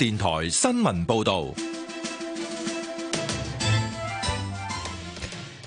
電台新聞報道。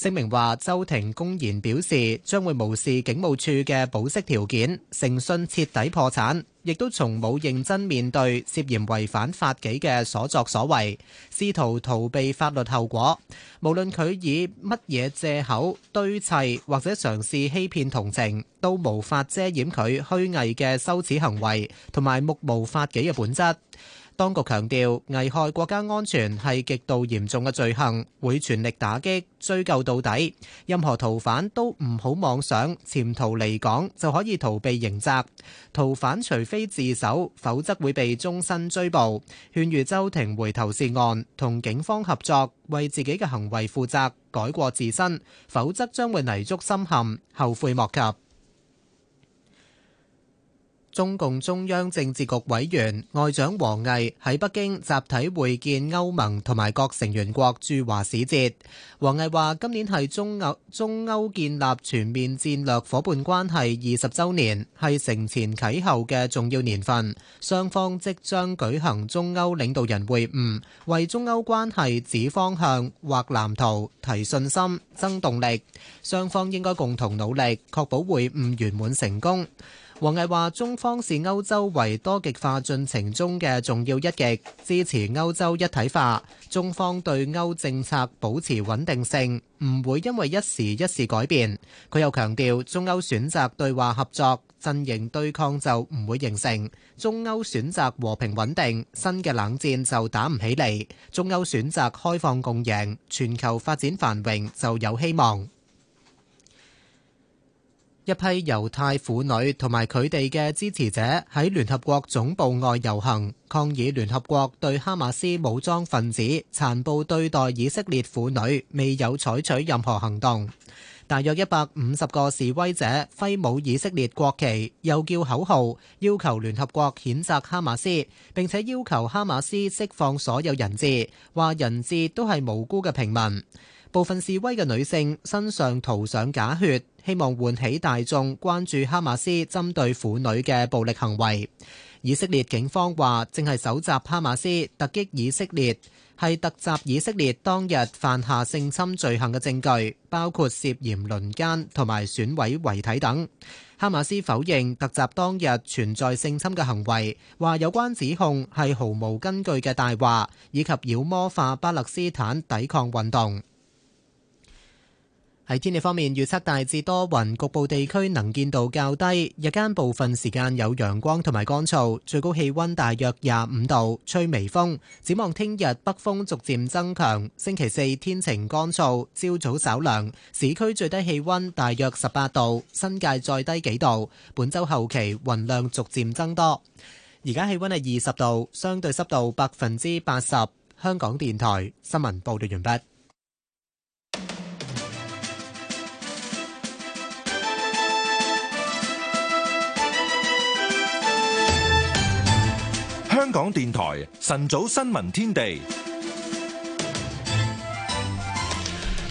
聲明話：周庭公然表示將會無視警務處嘅保釋條件，誠信徹底破產，亦都從冇認真面對涉嫌違反法紀嘅所作所為，試圖逃避法律後果。無論佢以乜嘢借口堆砌，或者嘗試欺騙同情，都無法遮掩佢虛偽嘅羞恥行為同埋目無法紀嘅本質。當局強調，危害國家安全係極度嚴重嘅罪行，會全力打擊，追究到底，任何逃犯都唔好妄想潛逃離港，就可以逃避刑責。逃犯除非自首，否則會被終身追捕，勸喻周庭回頭是岸，同警方合作，為自己嘅行為負責，改過自身，否則將會泥足深陷，後悔莫及。.中共中央政治局委員外長王毅喺北京集體會見歐盟同埋各成員國駐華使節。王毅話：今年係中歐中歐建立全面戰略伙伴關係二十周年，係承前啟後嘅重要年份。雙方即將舉行中歐領導人會晤，為中歐關係指方向、劃藍圖、提信心、增動力。雙方應該共同努力，確保會晤圓滿成功。王毅話：中方視歐洲為多極化進程中嘅重要一極，支持歐洲一體化。中方對歐政策保持穩定性，唔會因為一時一事改變。佢又強調，中歐選擇對話合作，陣營對抗就唔會形成；中歐選擇和平穩定，新嘅冷戰就打唔起嚟；中歐選擇開放共贏，全球發展繁榮就有希望。一批猶太婦女同埋佢哋嘅支持者喺聯合國總部外遊行，抗議聯合國對哈馬斯武裝分子殘暴對待以色列婦女，未有採取任何行動。大約一百五十個示威者揮舞以色列國旗，又叫口號，要求聯合國譴責哈馬斯，並且要求哈馬斯釋放所有人質，話人質都係無辜嘅平民。部分示威嘅女性身上塗上假血。希望喚起大眾關注哈馬斯針對婦女嘅暴力行為。以色列警方話，正係搜集哈馬斯突擊以色列，係突襲以色列當日犯下性侵罪行嘅證據，包括涉嫌輪姦同埋損毀遺體等。哈馬斯否認突襲當日存在性侵嘅行為，話有關指控係毫無根據嘅大話，以及妖魔化巴勒斯坦抵抗運動。喺天氣方面預測大致多雲，局部地區能見度較低，日間部分時間有陽光同埋乾燥，最高氣温大約廿五度，吹微風。展望聽日北風逐漸增強，星期四天晴乾燥，朝早稍涼，市區最低氣温大約十八度，新界再低幾度。本周後期雲量逐漸增多。而家氣温係二十度，相對濕度百分之八十。香港電台新聞報道完畢。香港電台晨早新聞天地，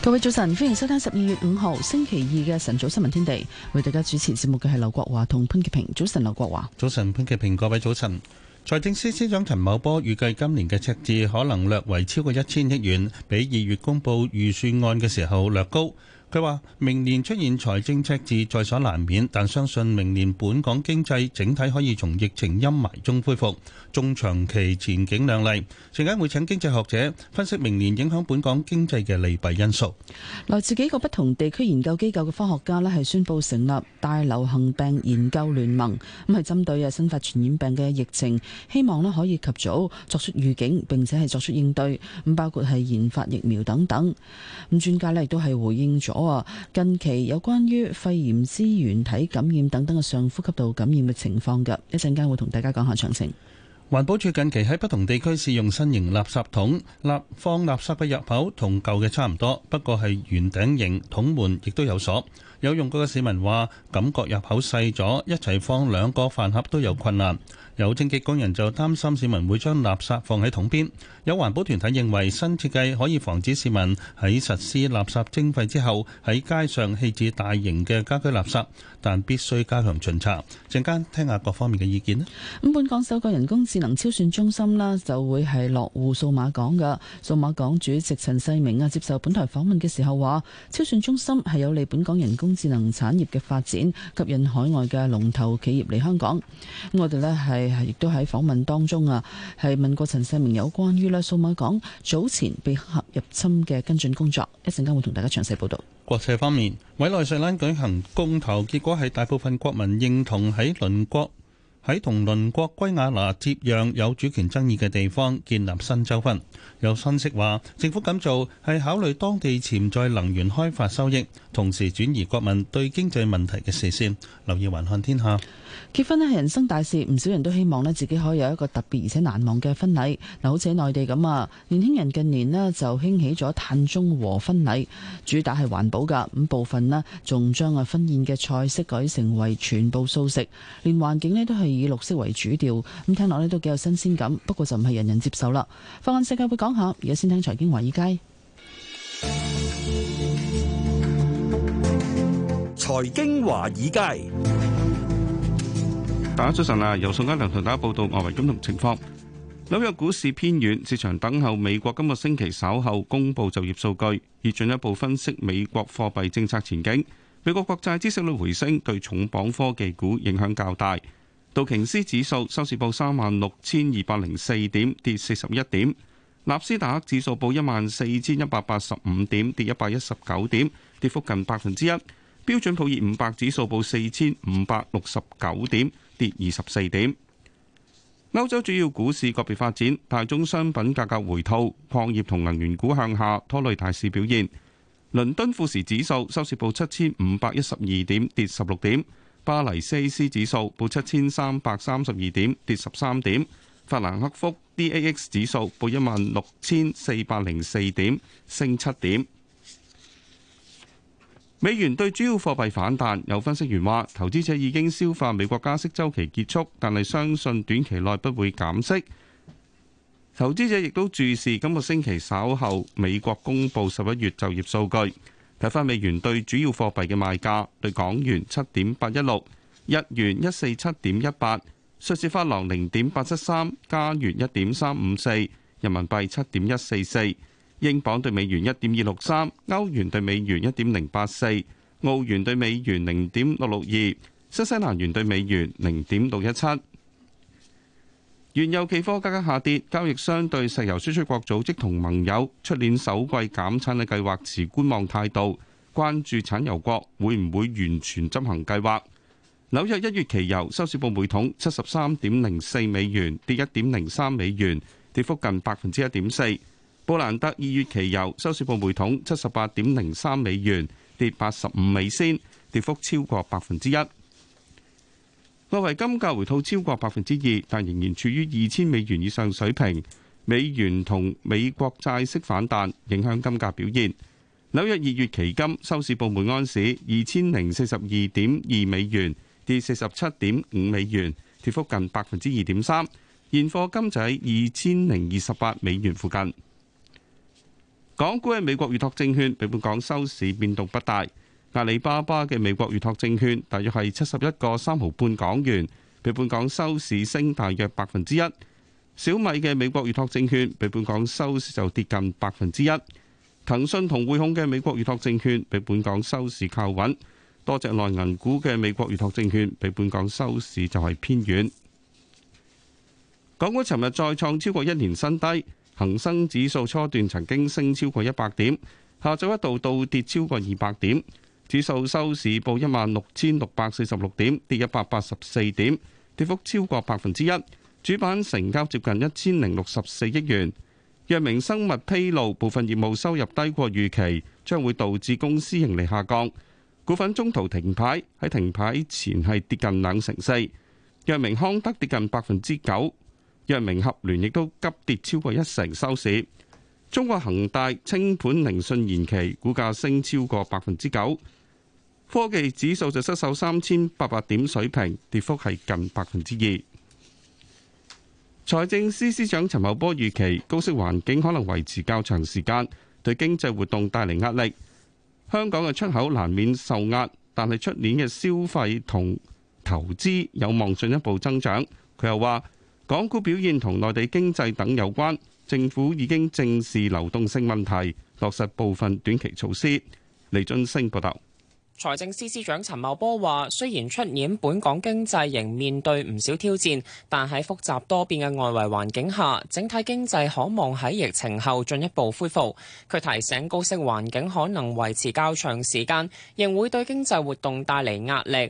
各位早晨，歡迎收聽十二月五號星期二嘅晨早新聞天地。為大家主持節目嘅係劉國華同潘潔平。早晨，劉國華。早晨，潘潔平。各位早晨。財政司司長陳茂波預計今年嘅赤字可能略為超過一千億元，比二月公布預算案嘅時候略高。佢話明年出現財政赤字在所難免，但相信明年本港經濟整體可以從疫情陰霾中恢復。中長期前景亮麗，陣間會請經濟學者分析明年影響本港經濟嘅利弊因素。來自幾個不同地區研究機構嘅科學家呢係宣布成立大流行病研究聯盟，咁係針對啊新發傳染病嘅疫情，希望呢可以及早作出預警，並且係作出應對咁，包括係研發疫苗等等。咁專家呢亦都係回應咗啊，近期有關於肺炎支原體感染等等嘅上呼吸道感染嘅情況。噶一陣間會同大家講下詳情。環保署近期喺不同地區試用新型垃圾桶，納放垃圾嘅入口同舊嘅差唔多，不過係圓頂型，桶門，亦都有鎖。有用過嘅市民話，感覺入口細咗，一齊放兩個飯盒都有困難。有清潔工人就擔心市民會將垃圾放喺桶邊，有環保團體認為新設計可以防止市民喺實施垃圾徵費之後，喺街上棄置大型嘅家居垃圾，但必須加強巡查。陣間聽下各方面嘅意見啦。咁本港首個人工智能超算中心啦，就會係落戶數碼港噶。數碼港主席陳世明啊，接受本台訪問嘅時候話超算中心係有利本港人工智能產業嘅發展，吸引海外嘅龍頭企業嚟香港。咁我哋咧係。係，亦都喺訪問當中啊，係問過陳世明有關於呢數碼港早前被黑客入侵嘅跟進工作，一陣間會同大家詳細報道。國際方面，委內瑞拉舉行公投，結果係大部分國民認同喺鄰國喺同鄰國圭亞拿接壤有主權爭議嘅地方建立新州分。有分析話，政府咁做係考慮當地潛在能源開發收益，同時轉移國民對經濟問題嘅視線。留意環看天下。結婚呢係人生大事，唔少人都希望呢自己可以有一個特別而且難忘嘅婚禮。嗱，好似喺內地咁啊，年輕人近年呢就興起咗碳中和婚禮，主打係環保㗎。咁部分呢仲將啊婚宴嘅菜式改成為全部素食，連環境呢都係以綠色為主調。咁聽落呢都幾有新鮮感，不過就唔係人人接受啦。放眼世界會講下講講，而家先聽財經華爾街。財經華爾街。大家早晨啊！由宋佳良同大家報道外圍金融情況。紐約股市偏軟，市場等候美國今個星期稍後公布就業數據，以進一步分析美國貨幣政策前景。美國國債孳息率回升，對重磅科技股影響較大。道瓊斯指數收市報三萬六千二百零四點，跌四十一點；納斯達克指數報一萬四千一百八十五點，跌一百一十九點，跌幅近百分之一。標準普爾五百指數報四千五百六十九點。跌二十四點。歐洲主要股市個別發展，大宗商品價格回吐，礦業同能源股向下拖累大市表現。倫敦富時指數收市報七千五百一十二點，跌十六點；巴黎 CAC 指數報七千三百三十二點，跌十三點；法蘭克福 D A X 指數報一萬六千四百零四點，升七點。美元對主要貨幣反彈，有分析員話：投資者已經消化美國加息週期結束，但係相信短期內不會減息。投資者亦都注視今個星期稍後美國公布十一月就業數據。睇返美元對主要貨幣嘅賣價：對港元七點八一六，日元一四七點一八，瑞士法郎零點八七三，加元一點三五四，人民幣七點一四四。英鎊兌美元一點二六三，歐元兌美元一點零八四，澳元兌美元零點六六二，新西蘭元兌美元零點六一七。原油期貨價格下跌，交易商對石油輸出國組織同盟友出年首季減產嘅計劃持觀望態度，關注產油國會唔會完全執行計劃。紐約一月期油收市報每桶七十三點零四美元，跌一點零三美元，跌幅近百分之一點四。布蘭德二月期油收市報每桶七十八點零三美元，跌八十五美仙，跌幅超過百分之一。外圍金價回吐超過百分之二，但仍然處於二千美元以上水平。美元同美國債息反彈影響金價表現。紐約二月期金收市報每安士二千零四十二點二美元，跌四十七點五美元，跌幅近百分之二點三。現貨金就喺二千零二十八美元附近。港股嘅美國預託證券，比本港收市變動不大。阿里巴巴嘅美國預託證券大約係七十一個三毫半港元，比本港收市升大約百分之一。小米嘅美國預託證券比本港收市就跌近百分之一。騰訊同匯控嘅美國預託證券比本港收市靠穩，多隻內銀股嘅美國預託證券比本港收市就係偏軟。港股尋日再創超過一年新低。恒生指數初段曾經升超過一百點，下晝一度倒跌超過二百點，指數收市報一萬六千六百四十六點，跌一百八十四點，跌幅超過百分之一。主板成交接近一千零六十四億元。藥明生物披露部分業務收入低過預期，將會導致公司盈利下降，股份中途停牌。喺停牌前係跌近兩成四，藥明康德跌近百分之九。若明合聯亦都急跌超過一成收市。中國恒大清盤，聆訊延期，股價升超過百分之九。科技指數就失守三千八百點水平，跌幅係近百分之二。財政司司長陳茂波預期高息環境可能維持較長時間，對經濟活動帶嚟壓力。香港嘅出口難免受壓，但係出年嘅消費同投資有望進一步增長。佢又話。港股表現同內地經濟等有關，政府已經正視流動性問題，落實部分短期措施。李津升報道，財政司司長陳茂波話，雖然出年本港經濟仍面對唔少挑戰，但喺複雜多變嘅外圍環境下，整體經濟可望喺疫情後進一步恢復。佢提醒高息環境可能維持較長時間，仍會對經濟活動帶嚟壓力。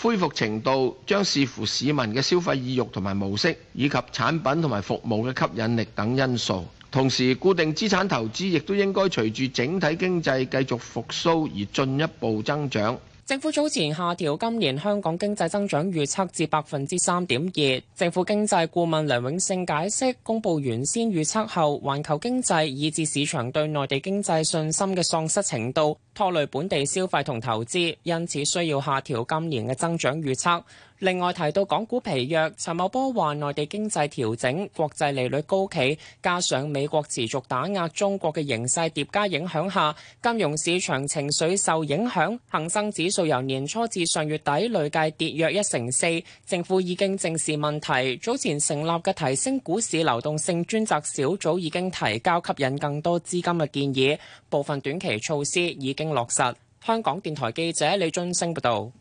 恢復程度將視乎市民嘅消費意欲同埋模式，以及產品同埋服務嘅吸引力等因素。同時，固定資產投資亦都應該隨住整體經濟繼續復甦而進一步增長。政府早前下調今年香港經濟增長預測至百分之三點二。政府經濟顧問梁永勝解釋，公布原先預測後，環球經濟以至市場對內地經濟信心嘅喪失程度。拖累本地消費同投資，因此需要下調今年嘅增長預測。另外提到港股疲弱，陳茂波話，內地經濟調整、國際利率高企，加上美國持續打壓中國嘅形勢疊加影響下，金融市場情緒受影響，恒生指數由年初至上月底累計跌約一成四。政府已經正視問題，早前成立嘅提升股市流動性專責小組已經提交吸引更多資金嘅建議，部分短期措施已經落實。香港電台記者李俊升報道。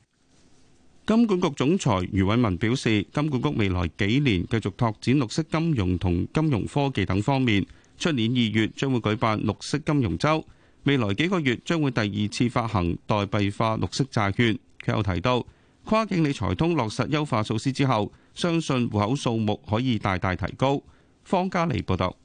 金管局總裁余偉文表示，金管局未來幾年繼續拓展綠色金融同金融科技等方面。出年二月將會舉辦綠色金融周，未來幾個月將會第二次發行代幣化綠色債券。佢又提到跨境理財通落實優化措施之後，相信戶口數目可以大大提高。方嘉莉報道。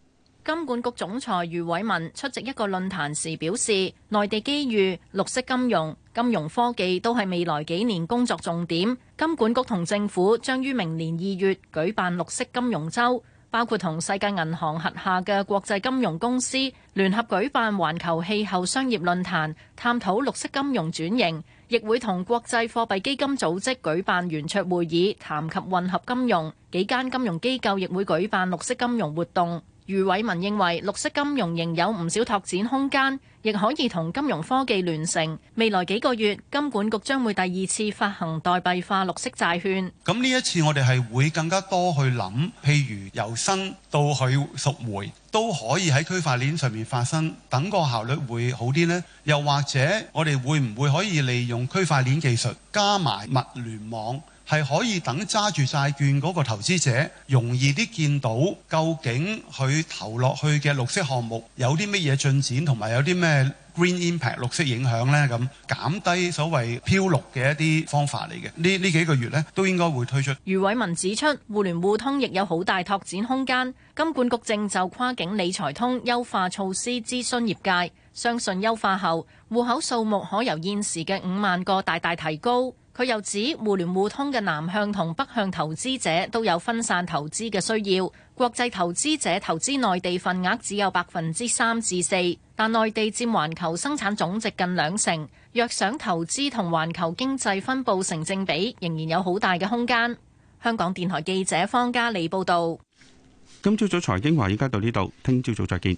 金管局總裁余偉文出席一個論壇時表示，內地機遇、綠色金融、金融科技都係未來幾年工作重點。金管局同政府將於明年二月舉辦綠色金融周，包括同世界銀行轄下嘅國際金融公司聯合舉辦環球氣候商業論壇，探討綠色金融轉型，亦會同國際貨幣基金組織舉辦圓桌會議，談及混合金融。幾間金融機構亦會舉辦綠色金融活動。余偉文認為綠色金融仍有唔少拓展空間，亦可以同金融科技聯成。未來幾個月，金管局將會第二次發行代幣化綠色債券。咁呢一次我哋係會更加多去諗，譬如由生到去贖回都可以喺區塊鏈上面發生，等個效率會好啲呢？又或者我哋會唔會可以利用區塊鏈技術加埋物聯網？係可以等揸住債券嗰個投資者容易啲見到，究竟佢投落去嘅綠色項目有啲乜嘢進展，同埋有啲咩 green impact 綠色影響呢，咁，減低所謂漂綠嘅一啲方法嚟嘅。呢呢幾個月呢，都應該會推出。余偉文指出，互聯互通亦有好大拓展空間。金管局正就跨境理財通優化措施諮詢，諮詢業界，相信優化後，戶口數目可由現時嘅五萬個大大提高。佢又指互聯互通嘅南向同北向投資者都有分散投資嘅需要，國際投資者投資內地份額只有百分之三至四，但內地佔環球生產總值近兩成，若想投資同環球經濟分佈成正比，仍然有好大嘅空間。香港電台記者方嘉利報道。今朝早財經話依家到呢度，聽朝早再見。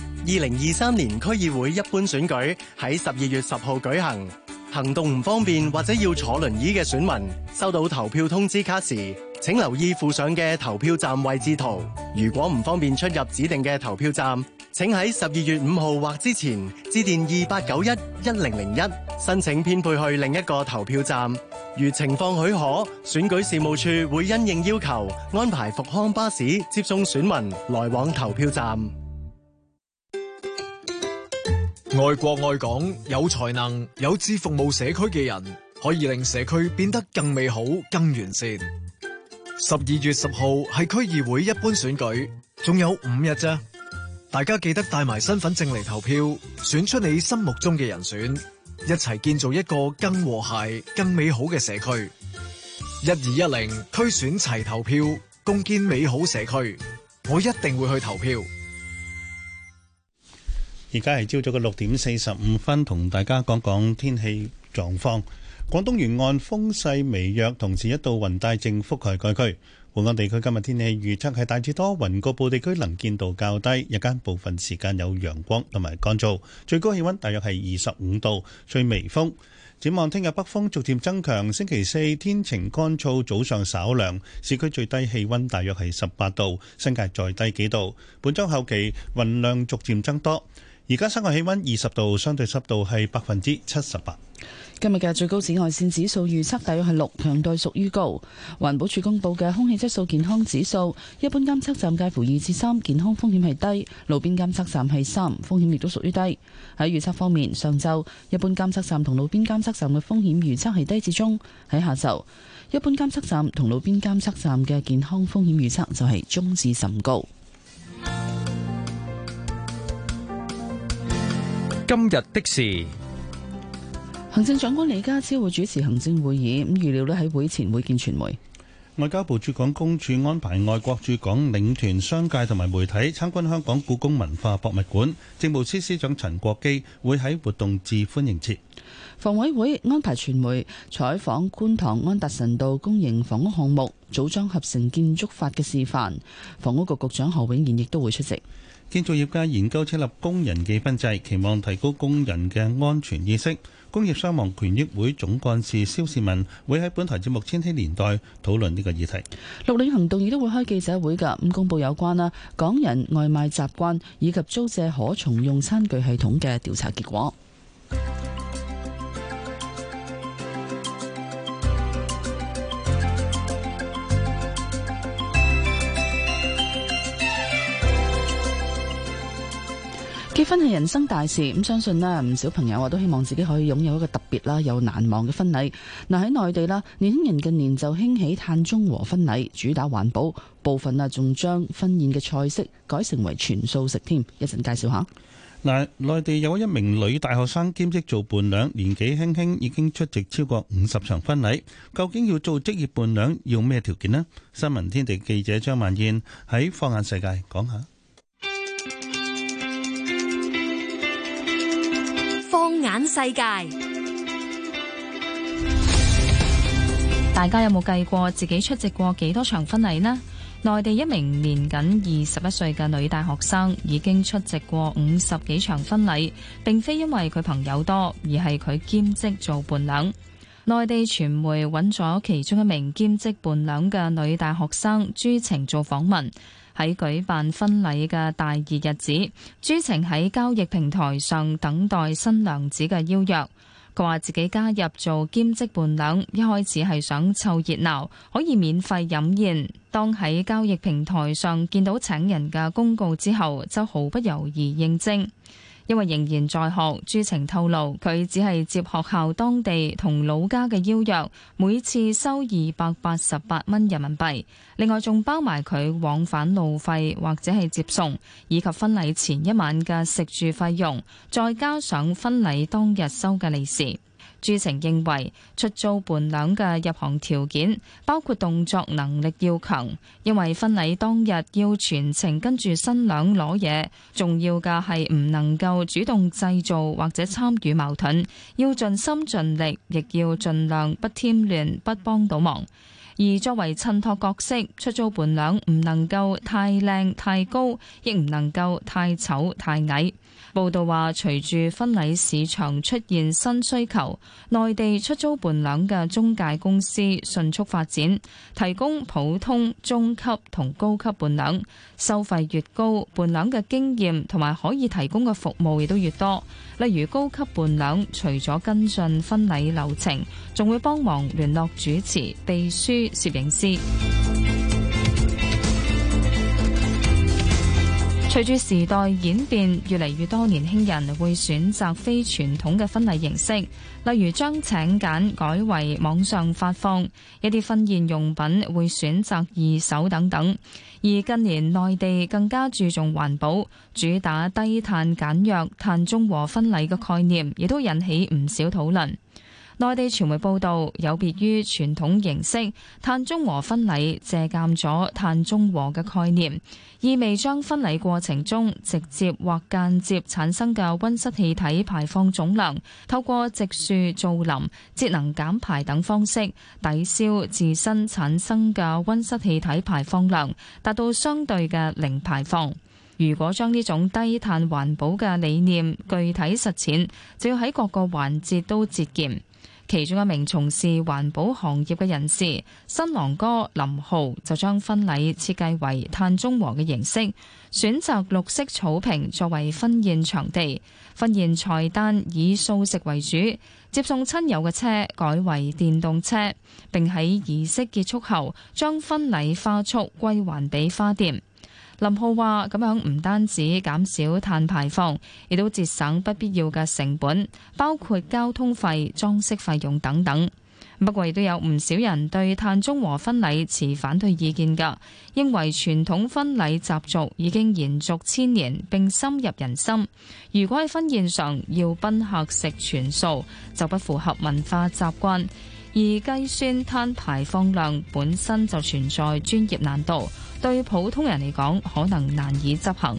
二零二三年區議會一般選舉喺十二月十號舉行。行動唔方便或者要坐輪椅嘅選民，收到投票通知卡時，請留意附上嘅投票站位置圖。如果唔方便出入指定嘅投票站，請喺十二月五號或之前致電二八九一一零零一申請編配去另一個投票站。如情況許可，選舉事務處會因應要求安排復康巴士接送選民來往投票站。愛國愛港、有才能、有志服務社區嘅人，可以令社區變得更美好、更完善。十二月十號係區議會一般選舉，仲有五日啫，大家記得帶埋身份證嚟投票，選出你心目中嘅人選，一齊建造一個更和諧、更美好嘅社區。一二一零區選齊投票，共建美好社區。我一定會去投票。而家係朝早嘅六點四十五分，同大家講講天氣狀況。廣東沿岸風勢微弱，同時一道雲帶正覆蓋該區。本港地區今日天氣預測係大致多雲，局部地區能見度較低。日間部分時間有陽光同埋乾燥，最高氣溫大約係二十五度，吹微風。展望聽日北風逐漸增強。星期四天晴乾燥，早上稍涼，市區最低氣溫大約係十八度，新界再低幾度。本周後期雲量逐漸增多。而家室外氣溫二十度，相對濕度係百分之七十八。今日嘅最高紫外線指數預測大約係六，強度屬於高。環保署公布嘅空氣質素健康指數，一般監測站介乎二至三，健康風險係低；路邊監測站係三，風險亦都屬於低。喺預測方面，上晝一般監測站同路邊監測站嘅風險預測係低至中；喺下晝，一般監測站同路邊監測站嘅健康風險預測就係中至甚高。今日的事，行政長官李家超會主持行政會議，咁預料咧喺會前會見傳媒。外交部駐港公署安排外國駐港領團、商界同埋媒體參觀香港故宮文化博物館。政務司司長陳國基會喺活動致歡迎辭。房委會安排傳媒採訪觀塘安達臣道公營房屋項目組裝合成建築法嘅示範。房屋局局長何永賢亦都會出席。建造業界研究設立工人記分制，期望提高工人嘅安全意識。工業傷亡權益會總幹事蕭士文會喺本台節目《千禧年代》討論呢個議題。綠領行動亦都會開記者會嘅，咁公佈有關啦港人外賣習慣以及租借可重用餐具系統嘅調查結果。結婚係人生大事，咁相信咧，唔少朋友我都希望自己可以擁有一個特別啦又難忘嘅婚禮。嗱喺內地啦，年輕人近年就興起碳中和婚禮，主打環保，部分啊仲將婚宴嘅菜式改成為全素食添。一陣介紹下。嗱，內地有一名女大學生兼職做伴娘，年紀輕輕已經出席超過五十場婚禮。究竟要做職業伴娘要咩條件呢？新聞天地記者張萬燕喺放眼世界講下。眼世界，大家有冇計過自己出席過幾多場婚禮呢？內地一名年僅二十一歲嘅女大學生已經出席過五十幾場婚禮，並非因為佢朋友多，而係佢兼職做伴娘。內地傳媒揾咗其中一名兼職伴娘嘅女大學生朱晴做訪問。喺舉辦婚禮嘅大熱日子，朱晴喺交易平台上等待新娘子嘅邀約。佢話自己加入做兼職伴娘，一開始係想湊熱鬧，可以免費飲宴。當喺交易平台上見到請人嘅公告之後，就毫不猶豫應徵。因為仍然在學，朱晴透露佢只係接學校當地同老家嘅邀約，每次收二百八十八蚊人民幣，另外仲包埋佢往返路費或者係接送，以及婚禮前一晚嘅食住費用，再加上婚禮當日收嘅利是。朱晴認為，出租伴娘嘅入行條件包括動作能力要強，因為婚禮當日要全程跟住新娘攞嘢。重要嘅係唔能夠主動製造或者參與矛盾，要盡心盡力，亦要盡量不添亂、不幫倒忙。而作為襯托角色，出租伴娘唔能夠太靚太高，亦唔能夠太醜太矮。報道話，隨住婚禮市場出現新需求，內地出租伴娘嘅中介公司迅速發展，提供普通、中級同高級伴娘。收費越高，伴娘嘅經驗同埋可以提供嘅服務亦都越多。例如，高級伴娘除咗跟進婚禮流程，仲會幫忙聯絡主持、秘書、攝影師。隨住時代演變，越嚟越多年輕人會選擇非傳統嘅婚禮形式，例如將請柬改為網上發放，一啲婚宴用品會選擇二手等等。而近年內地更加注重環保，主打低碳簡約、碳中和婚禮嘅概念，亦都引起唔少討論。內地傳媒報道，有別於傳統形式，碳中和婚禮，借鑑咗碳中和嘅概念，意味將婚禮過程中直接或間接產生嘅温室氣體排放總量，透過植樹造林、節能減排等方式抵消自身產生嘅温室氣體排放量，達到相對嘅零排放。如果將呢種低碳環保嘅理念具體實踐，就要喺各個環節都節儉。其中一名從事環保行業嘅人士，新郎哥林浩就將婚禮設計為碳中和嘅形式，選擇綠色草坪作為婚宴場地，婚宴菜單以素食為主，接送親友嘅車改為電動車，並喺儀式結束後將婚禮花束歸還俾花店。林浩話：咁樣唔單止減少碳排放，亦都節省不必要嘅成本，包括交通費、裝飾費用等等。不過，亦都有唔少人對碳中和婚禮持反對意見嘅，認為傳統婚禮習俗已經延續千年並深入人心。如果喺婚宴上要賓客食全素，就不符合文化習慣。而計算碳排放量本身就存在專業難度。對普通人嚟講，可能難以執行。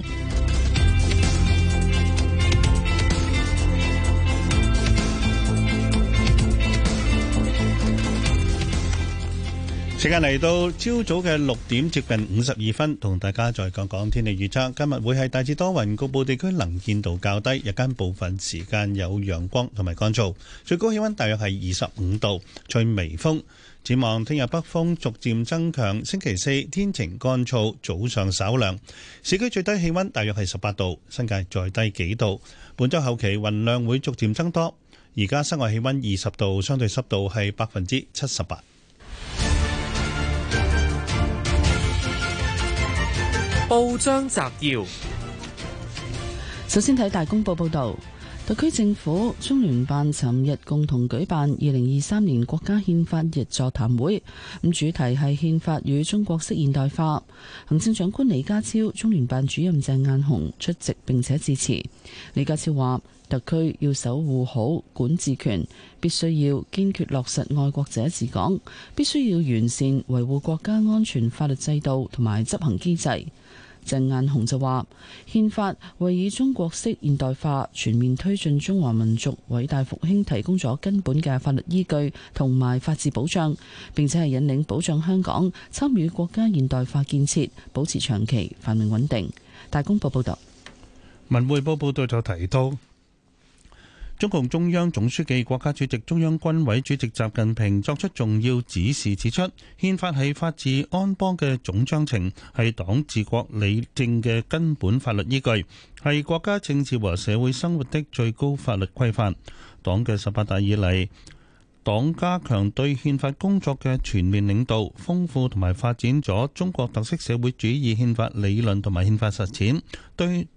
時間嚟到朝早嘅六點，接近五十二分，同大家再講講天氣預測。今日會係大致多雲，局部地區能見度較低，日間部分時間有陽光同埋乾燥，最高氣溫大約係二十五度，吹微風。展望聽日北風逐漸增強，星期四天晴乾燥，早上稍涼，市區最低氣溫大約係十八度，新界再低幾度。本周後期雲量會逐漸增多，而家室外氣溫二十度，相對濕度係百分之七十八。報章摘要，首先睇大公報報道。特區政府、中聯辦尋日共同舉辦二零二三年國家憲法日座談會，咁主題係憲法與中國式現代化。行政長官李家超、中聯辦主任鄭雁雄出席並且致辭。李家超話：特區要守護好管治權，必須要堅決落實愛國者治港，必須要完善維護國家安全法律制度同埋執行機制。鄭雁雄就話：憲法為以中國式現代化全面推進中華民族偉大復興提供咗根本嘅法律依據同埋法治保障，並且係引領保障香港參與國家現代化建設，保持長期繁榮穩定。大公報報道、文匯報報道就提到，中共中央總書記、國家主席、中央軍委主席習近平作出重要指示，指出憲法係法治安邦嘅總章程，係黨治國理政嘅根本法律依據，係國家政治和社會生活的最高法律規範。黨嘅十八大以嚟，黨加強對憲法工作嘅全面領導，豐富同埋發展咗中國特色社會主義憲法理論同埋憲法實踐，對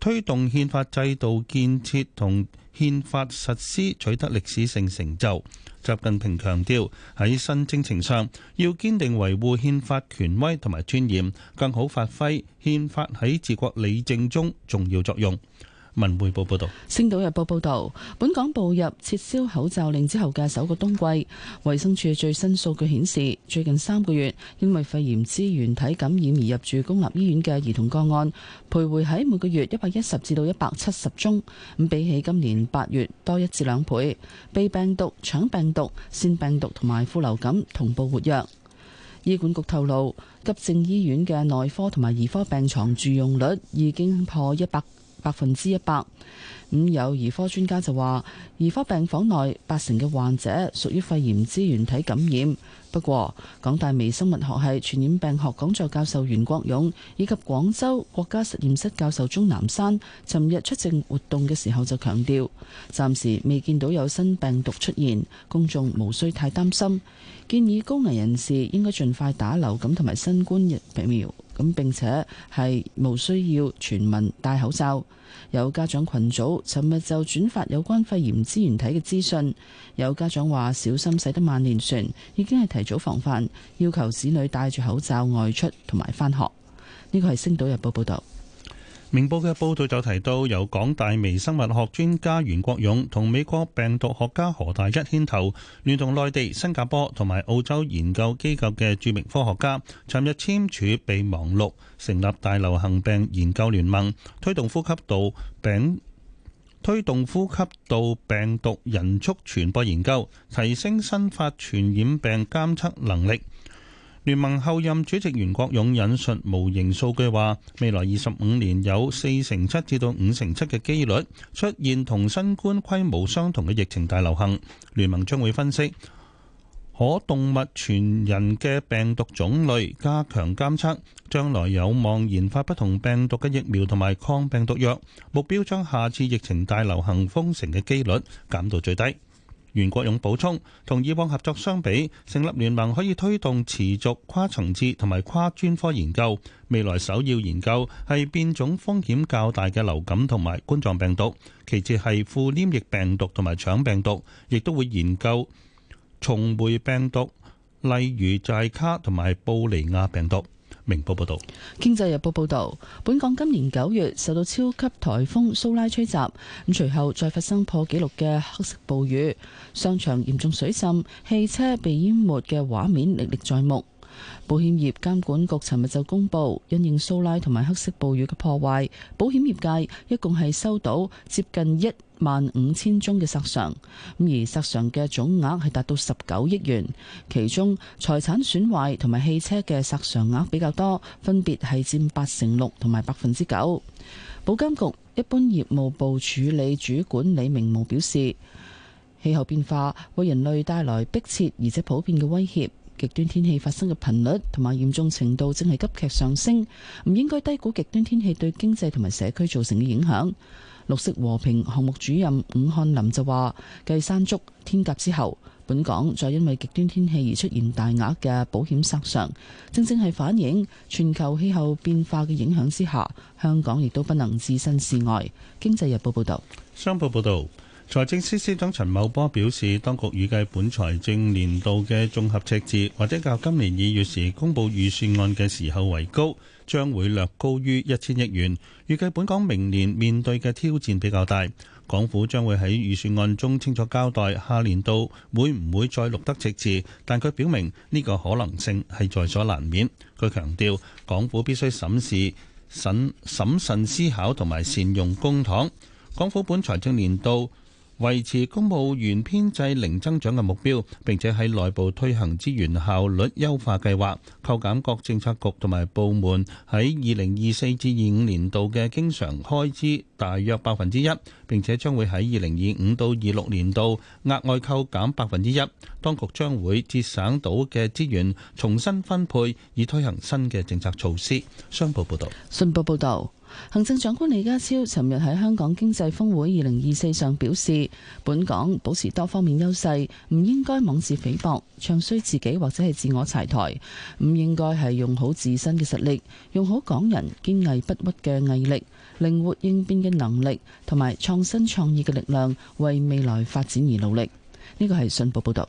推動憲法制度建設同憲法實施取得歷史性成就。習近平強調，喺新征程上，要堅定維護憲法權威同埋尊嚴，更好發揮憲法喺治國理政中重要作用。文匯報報道，《星島日報》報道，本港步入撤銷口罩令之後嘅首個冬季。衛生署最新數據顯示，最近三個月因為肺炎支原體感染而入住公立醫院嘅兒童個案，徘徊喺每個月一百一十至到一百七十宗。咁比起今年八月多一至兩倍。被病毒、腸病毒、腺病毒同埋副流感同步活躍。醫管局透露，急症醫院嘅內科同埋兒科病床住用率已經破一百。百分之一百咁，五有兒科專家就話，兒科病房內八成嘅患者屬於肺炎支原體感染。不過，港大微生物學系傳染病學講座教授袁國勇以及廣州國家實驗室教授鍾南山尋日出席活動嘅時候就強調，暫時未見到有新病毒出現，公眾無需太擔心。建議高危人士應該盡快打流感同埋新冠疫苗。咁並且係無需要全民戴口罩。有家長群組尋日就轉發有關肺炎支原體嘅資訊，有家長話小心使得萬年船，已經係提早防範，要求子女戴住口罩外出同埋返學，呢個係星島日報報道。明報嘅報道就提到，由港大微生物學專家袁國勇同美國病毒學家何大一牽頭，聯同內地、新加坡同埋澳洲研究機構嘅著名科學家，尋日簽署備忘錄，成立大流行病研究聯盟，推動呼吸道病，推動呼吸道病毒人畜傳播研究，提升新發傳染病監測能力。聯盟候任主席袁國勇引述模型數據話，未來二十五年有四成七至到五成七嘅機率出現同新冠規模相同嘅疫情大流行。聯盟將會分析可動物傳人嘅病毒種類加強監測，加強監測，將來有望研發不同病毒嘅疫苗同埋抗病毒藥，目標將下次疫情大流行封城嘅機率減到最低。袁國勇補充，同以往合作相比，成立聯盟可以推動持續跨層次同埋跨專科研究。未來首要研究係變種風險較大嘅流感同埋冠狀病毒，其次係副黏液病毒同埋腸病毒，亦都會研究蟲媒病毒，例如寨卡同埋布尼亞病毒。明報報道，經濟日報報道，本港今年九月受到超級颱風蘇拉吹襲，咁隨後再發生破紀錄嘅黑色暴雨，商場嚴重水浸，汽車被淹沒嘅畫面歷歷在目。保險業監管局尋日就公布，因應蘇拉同埋黑色暴雨嘅破壞，保險業界一共係收到接近一萬五千宗嘅索償，咁而索償嘅總額係達到十九億元，其中財產損壞同埋汽車嘅索償額比較多，分別係佔八成六同埋百分之九。保監局一般業務部處理主管李明模表示，氣候變化為人類帶來迫切而且普遍嘅威脅。極端天氣發生嘅頻率同埋嚴重程度正係急劇上升，唔應該低估極端天氣對經濟同埋社區造成嘅影響。綠色和平項目主任伍漢林就話：繼山竹、天鴿之後，本港再因為極端天氣而出現大額嘅保險索償，正正係反映全球氣候變化嘅影響之下，香港亦都不能置身事外。經濟日報報道。商報報道。財政司司長陳茂波表示，當局預計本財政年度嘅綜合赤字，或者較今年二月時公佈預算案嘅時候為高，將會略高於一千億元。預計本港明年面對嘅挑戰比較大，港府將會喺預算案中清楚交代下年度會唔會再錄得赤字，但佢表明呢個可能性係在所難免。佢強調，港府必須審視、審審慎思考同埋善用公帑。港府本財政年度維持公務員編制零增長嘅目標，並且喺內部推行資源效率優化計劃，扣減各政策局同埋部門喺二零二四至二五年度嘅經常開支大約百分之一，並且將會喺二零二五到二六年度額外扣減百分之一。當局將會節省到嘅資源重新分配，以推行新嘅政策措施。商報報道，信報報道。行政長官李家超尋日喺香港經濟峰會二零二四上表示，本港保持多方面優勢，唔應該妄自菲薄，唱衰自己或者係自我柴台，唔應該係用好自身嘅實力，用好港人堅毅不屈嘅毅力、靈活應變嘅能力同埋創新創意嘅力量，為未來發展而努力。呢個係信報報道。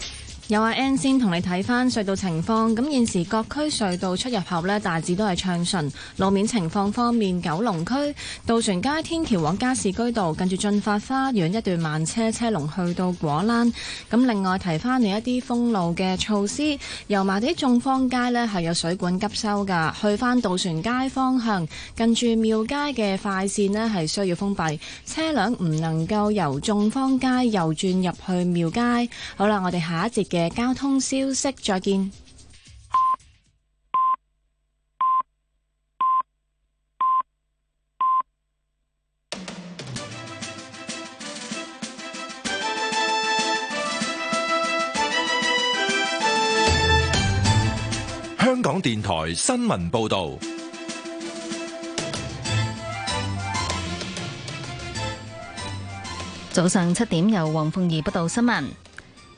有阿 N 先同你睇翻隧道情況，咁現時各區隧道出入口咧大致都係暢順。路面情況方面，九龍區渡船街天橋往加士居道近住進發花園一段慢車車龍去到果欄。咁另外提翻你一啲封路嘅措施，油麻地眾坊街咧係有水管急修噶，去翻渡船街方向近住廟街嘅快線咧係需要封閉，車輛唔能夠由眾坊街右轉入去廟街。好啦，我哋下一節嘅。嘅交通消息，再見。香港電台新聞報道。早上七點，由黃鳳儀報道新聞。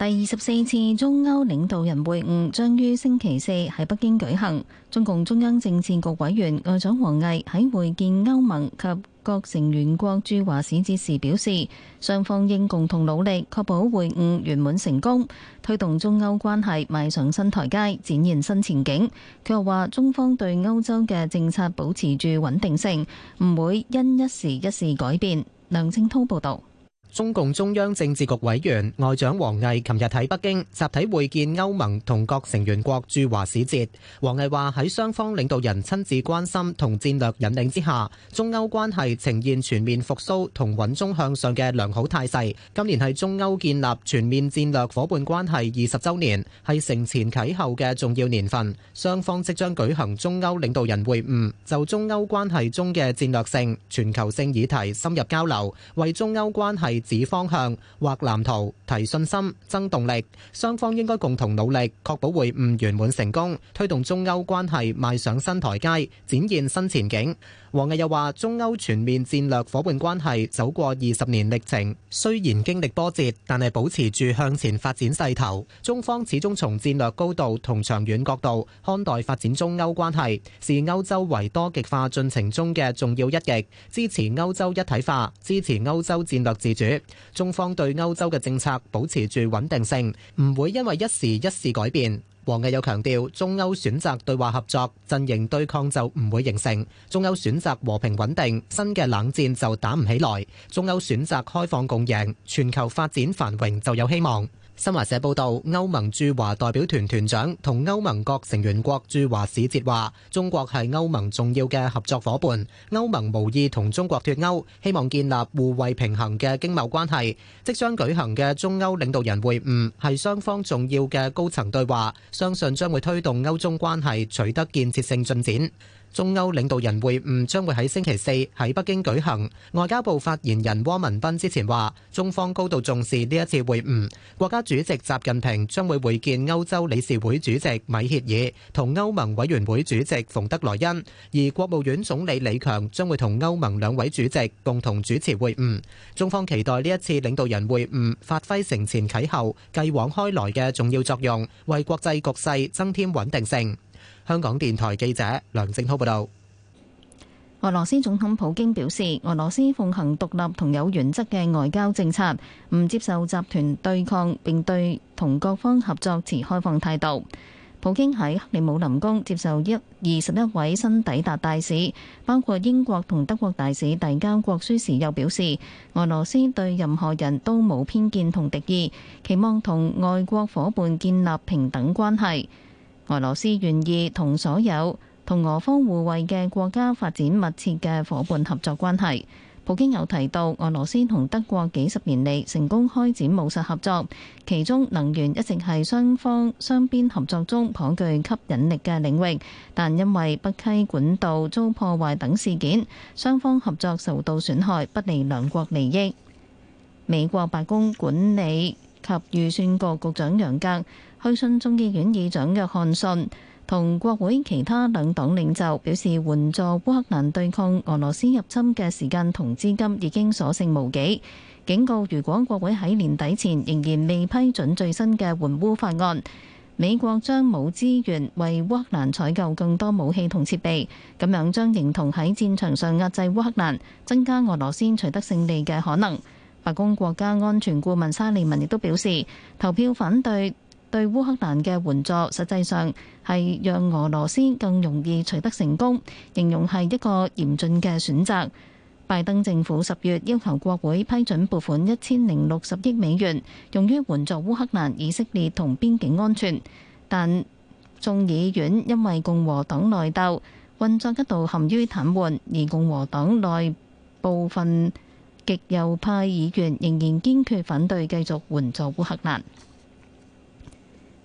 第二十四次中歐領導人會晤將於星期四喺北京舉行。中共中央政治局委員外長王毅喺會見歐盟及各成員國駐華使節時表示，雙方應共同努力，確保會晤圓滿成功，推動中歐關係邁上新台階，展現新前景。佢又話，中方對歐洲嘅政策保持住穩定性，唔會因一時一事改變。梁清滔報導。中共中央政治局委員外長王毅琴日喺北京集體會見歐盟同各成員國駐華使節，王毅話喺雙方領導人親自關心同戰略引領之下，中歐關係呈現全面復蘇同穩中向上嘅良好態勢。今年係中歐建立全面戰略夥伴關係二十周年，係承前啟後嘅重要年份。雙方即將舉行中歐領導人會晤，就中歐關係中嘅戰略性、全球性議題深入交流，為中歐關係指方向畫藍圖，提信心，增動力。雙方應該共同努力，確保會晤圓滿成功，推動中歐關係邁上新台階，展現新前景。王毅又話：中歐全面戰略伙伴關係走過二十年歷程，雖然經歷波折，但係保持住向前發展勢頭。中方始終從戰略高度同長遠角度看待發展中歐關係，是歐洲為多極化進程中嘅重要一極，支持歐洲一體化，支持歐洲戰略自主。中方對歐洲嘅政策保持住穩定性，唔會因為一時一事改變。王毅又強調，中歐選擇對話合作，陣營對抗就唔會形成；中歐選擇和平穩定，新嘅冷戰就打唔起來；中歐選擇開放共贏，全球發展繁榮就有希望。新華社報道，歐盟駐華代表團團長同歐盟各成員國駐華使節話，中國係歐盟重要嘅合作伙伴，歐盟無意同中國脫歐，希望建立互惠平衡嘅經貿關係。即將舉行嘅中歐領導人會晤係雙方重要嘅高層對話，相信將會推動歐中關係取得建設性進展。中歐領導人會晤將會喺星期四喺北京舉行。外交部發言人汪文斌之前話：中方高度重視呢一次會晤，國家主席習近平將會會見歐洲理事會主席米歇爾同歐盟委員會主席馮德萊恩，而國務院總理李強將會同歐盟兩位主席共同主持會晤。中方期待呢一次領導人會晤發揮承前啟後、繼往開來嘅重要作用，為國際局勢增添穩定性。香港電台記者梁正濤報道，俄羅斯總統普京表示，俄羅斯奉行獨立同有原則嘅外交政策，唔接受集團對抗，並對同各方合作持開放態度。普京喺克里姆林宮接受一二十一位新抵達大使，包括英國同德國大使遞交國書時，又表示俄羅斯對任何人都冇偏見同敵意，期望同外國伙伴建立平等關係。俄羅斯願意同所有同俄方互惠嘅國家發展密切嘅伙伴合作關係。普京有提到，俄羅斯同德國幾十年嚟成功開展務實合作，其中能源一直係雙方雙邊合作中頗具吸引力嘅領域。但因為北溪管道遭破壞等事件，雙方合作受到損害，不利兩國利益。美國白宮管理及預算局局長楊格去信眾議院議長約翰遜同國會其他兩黨領袖表示，援助烏克蘭對抗俄羅斯入侵嘅時間同資金已經所剩無幾，警告如果國會喺年底前仍然未批准最新嘅援烏法案，美國將冇資源為烏克蘭採購更多武器同設備，咁樣將形同喺戰場上壓制烏克蘭，增加俄羅斯取得勝利嘅可能。白宮國家安全顧問沙利文亦都表示，投票反對。對烏克蘭嘅援助，實際上係讓俄羅斯更容易取得成功，形容係一個嚴峻嘅選擇。拜登政府十月要求國會批准撥款一千零六十億美元，用於援助烏克蘭、以色列同邊境安全，但眾議院因為共和黨內鬥，運作一度陷於癱瘓，而共和黨內部分極右派議員仍然堅決反對繼續援助烏克蘭。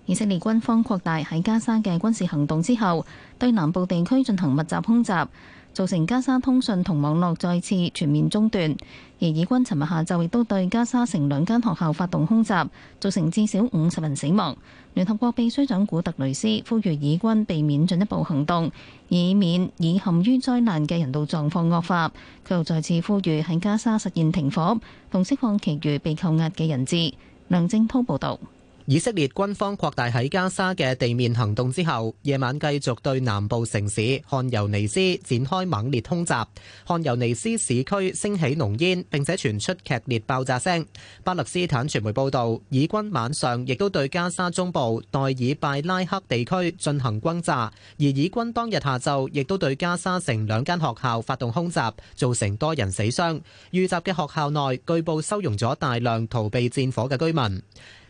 以色列軍方擴大喺加沙嘅軍事行動之後，對南部地區進行密集空襲，造成加沙通訊同網絡再次全面中斷。而以軍尋日下晝亦都對加沙城兩間學校發動空襲，造成至少五十人死亡。聯合國秘書長古特雷斯呼籲以軍避免進一步行動，以免已陷於災難嘅人道狀況惡化。佢又再次呼籲喺加沙實現停火，同釋放其餘被扣押嘅人質。梁正滔報導。以色列軍方擴大喺加沙嘅地面行動之後，夜晚繼續對南部城市漢尤尼斯展開猛烈空襲。漢尤尼斯市區升起濃煙，並且傳出劇烈爆炸聲。巴勒斯坦傳媒報道，以軍晚上亦都對加沙中部代爾拜拉克地區進行轟炸，而以軍當日下晝亦都對加沙城兩間學校發動空襲，造成多人死傷。遇襲嘅學校內據報收容咗大量逃避戰火嘅居民。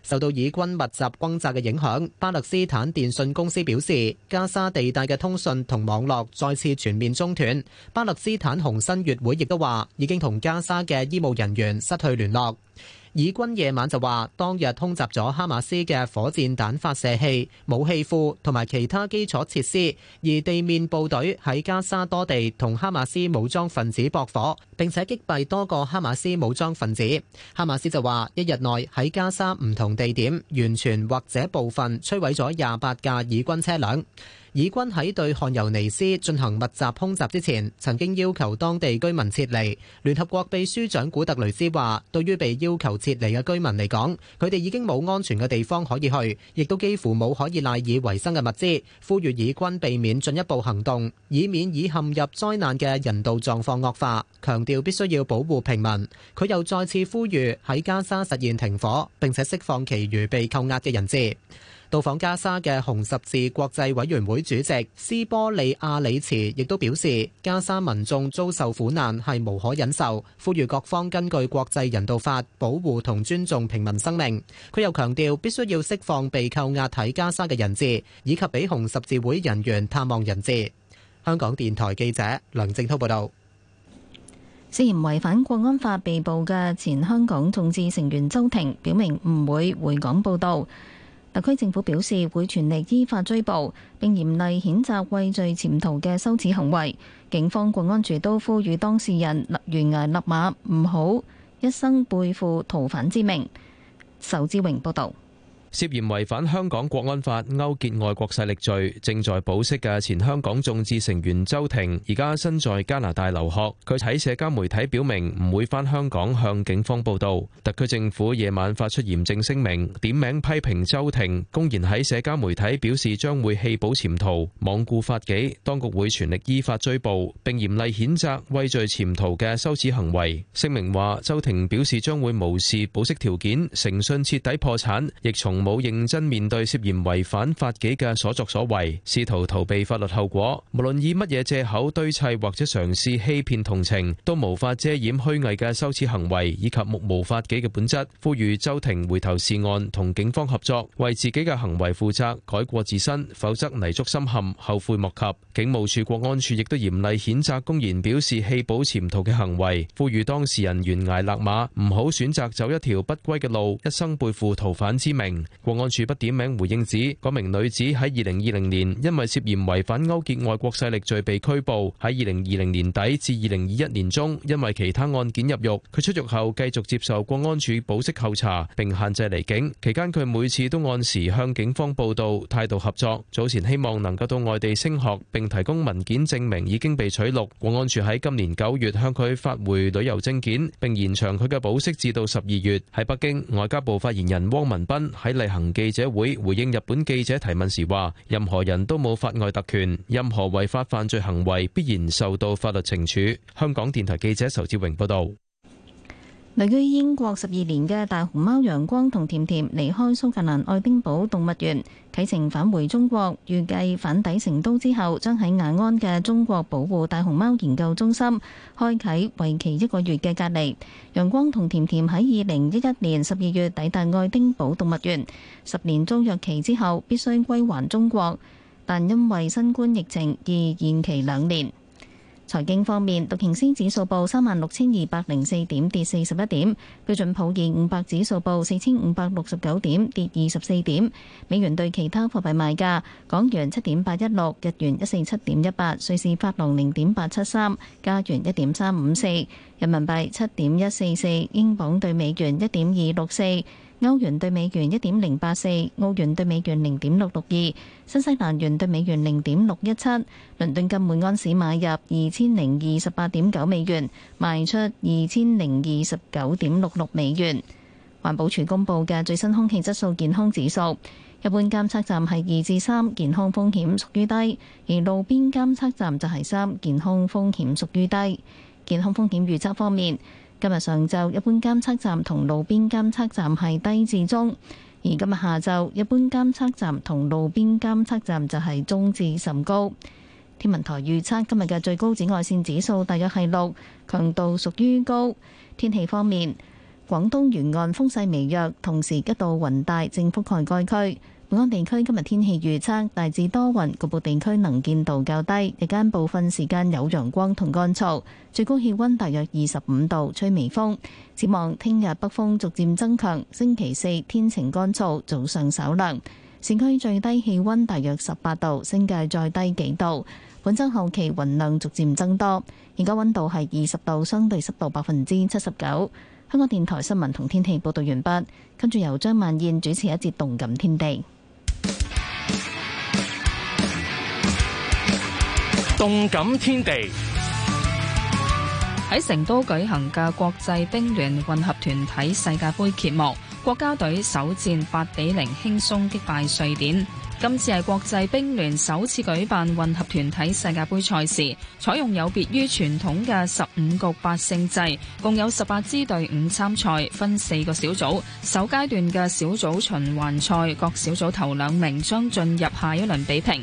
受到以軍密集轟炸嘅影響，巴勒斯坦電信公司表示，加沙地帶嘅通訊同網絡再次全面中斷。巴勒斯坦紅新月會亦都話，已經同加沙嘅醫務人員失去聯絡。以軍夜晚就話，當日空襲咗哈馬斯嘅火箭彈發射器、武器庫同埋其他基礎設施，而地面部隊喺加沙多地同哈馬斯武裝分子駁火，並且擊斃多個哈馬斯武裝分子。哈馬斯就話，一日內喺加沙唔同地點完全或者部分摧毀咗廿八架以軍車輛。以軍喺對漢尤尼斯進行密集空襲之前，曾經要求當地居民撤離。聯合國秘書長古特雷斯話，對於被要求撤離嘅居民嚟講，佢哋已經冇安全嘅地方可以去，亦都幾乎冇可以賴以維生嘅物資。呼籲以軍避免進一步行動，以免已陷入災難嘅人道狀況惡化，強調必須要保護平民。佢又再次呼籲喺加沙實現停火，並且釋放其餘被扣押嘅人質。到訪加沙嘅紅十字國際委員會主席斯波利亞里茨亦都表示，加沙民眾遭受苦難係無可忍受，呼籲各方根據國際人道法保護同尊重平民生命。佢又強調，必須要釋放被扣押喺加沙嘅人質，以及俾紅十字會人員探望人質。香港電台記者梁正滔報導。涉嫌違反國安法被捕嘅前香港眾志成員周庭，表明唔會回港報到。特區政府表示會全力依法追捕，並嚴厲譴責畏罪潛逃嘅羞恥行為。警方國安處都呼籲當事人懸崖勒馬，唔好一生背負逃犯之名。仇志榮報道。涉嫌違反香港國安法勾結外國勢力罪，正在保釋嘅前香港眾志成員周庭，而家身在加拿大留學。佢喺社交媒體表明唔會返香港向警方報道。特區政府夜晚發出嚴正聲明，點名批評周庭，公然喺社交媒體表示將會棄保潛逃，罔顧法紀，當局會全力依法追捕，並嚴厲譴責畏罪潛逃嘅羞恥行為。聲明話，周庭表示將會無視保釋條件，誠信徹底破產，亦從。冇認真面對涉嫌違反法紀嘅所作所為，試圖逃避法律後果，無論以乜嘢借口堆砌或者嘗試欺騙同情，都無法遮掩虛偽嘅羞恥行為以及目無法紀嘅本質。呼籲周庭回頭是岸，同警方合作，為自己嘅行為負責，改過自身，否則泥足深陷，後悔莫及。警務處國安處亦都嚴厲譴責公然表示棄保潛逃嘅行為，呼籲當事人懸崖勒馬，唔好選擇走一條不歸嘅路，一生背負逃犯之名。國安處不點名回應指，嗰名女子喺二零二零年因為涉嫌違反勾結外國勢力罪被拘捕，喺二零二零年底至二零二一年中因為其他案件入獄。佢出獄後繼續接受國安處保釋候查，並限制離境。期間佢每次都按時向警方報到，態度合作。早前希望能夠到外地升學，並提供文件證明已經被取錄。國安處喺今年九月向佢發回旅遊證件，並延長佢嘅保釋至到十二月。喺北京，外交部發言人汪文斌喺例行記者會回應日本記者提問時話，任何人都冇法外特權，任何違法犯罪行為必然受到法律懲處。香港電台記者仇志榮報道。旅居英國十二年嘅大熊貓陽光同甜甜離開蘇格蘭愛丁堡動物園，啟程返回中國，預計返抵成都之後，將喺雅安嘅中國保護大熊貓研究中心開啓，為期一個月嘅隔離。陽光同甜甜喺二零一一年十二月抵達愛丁堡動物園，十年租約期之後必須歸還中國，但因為新冠疫情已延期兩年。財經方面，道瓊斯指數報三萬六千二百零四點，跌四十一點；標準普爾五百指數報四千五百六十九點，跌二十四點。美元對其他貨幣賣價：港元七點八一六，日元一四七點一八，瑞士法郎零點八七三，加元一點三五四，人民幣七點一四四，英鎊對美元一點二六四。歐元對美元一點零八四，澳元對美元零點六六二，新西蘭元對美元零點六一七。倫敦金每安士買入二千零二十八點九美元，賣出二千零二十九點六六美元。環保署公布嘅最新空氣質素健康指數，一般監測站係二至三，健康風險屬於低；而路邊監測站就係三，健康風險屬於低。健康風險預測方面。今日上晝，一般監測站同路邊監測站係低至中；而今日下晝，一般監測站同路邊監測站就係中至甚高。天文台預測今日嘅最高紫外線指數大約係六，強度屬於高。天氣方面，廣東沿岸風勢微弱，同時一道雲帶正覆蓋該區。本港地區今日天氣預測大致多雲，局部地區能見度較低。日間部分時間有陽光同乾燥，最高氣溫大約二十五度，吹微風。展望聽日北風逐漸增強。星期四天晴乾燥，早上稍涼，市區最低氣溫大約十八度，新界再低幾度。本周後期雲量逐漸增多。而家温度係二十度，相對濕度百分之七十九。香港電台新聞同天氣報道完畢，跟住由張曼燕主持一節《動感天地》。動感天地，喺成都舉行嘅國際乒聯混合團體世界杯揭幕，國家隊首戰八比零輕鬆擊敗瑞典。今次係國際乒聯首次舉辦混合團體世界杯賽事，採用有別於傳統嘅十五局八勝制，共有十八支隊伍參賽，分四個小組。首階段嘅小組循環賽，各小組頭兩名將進入下一輪比拼。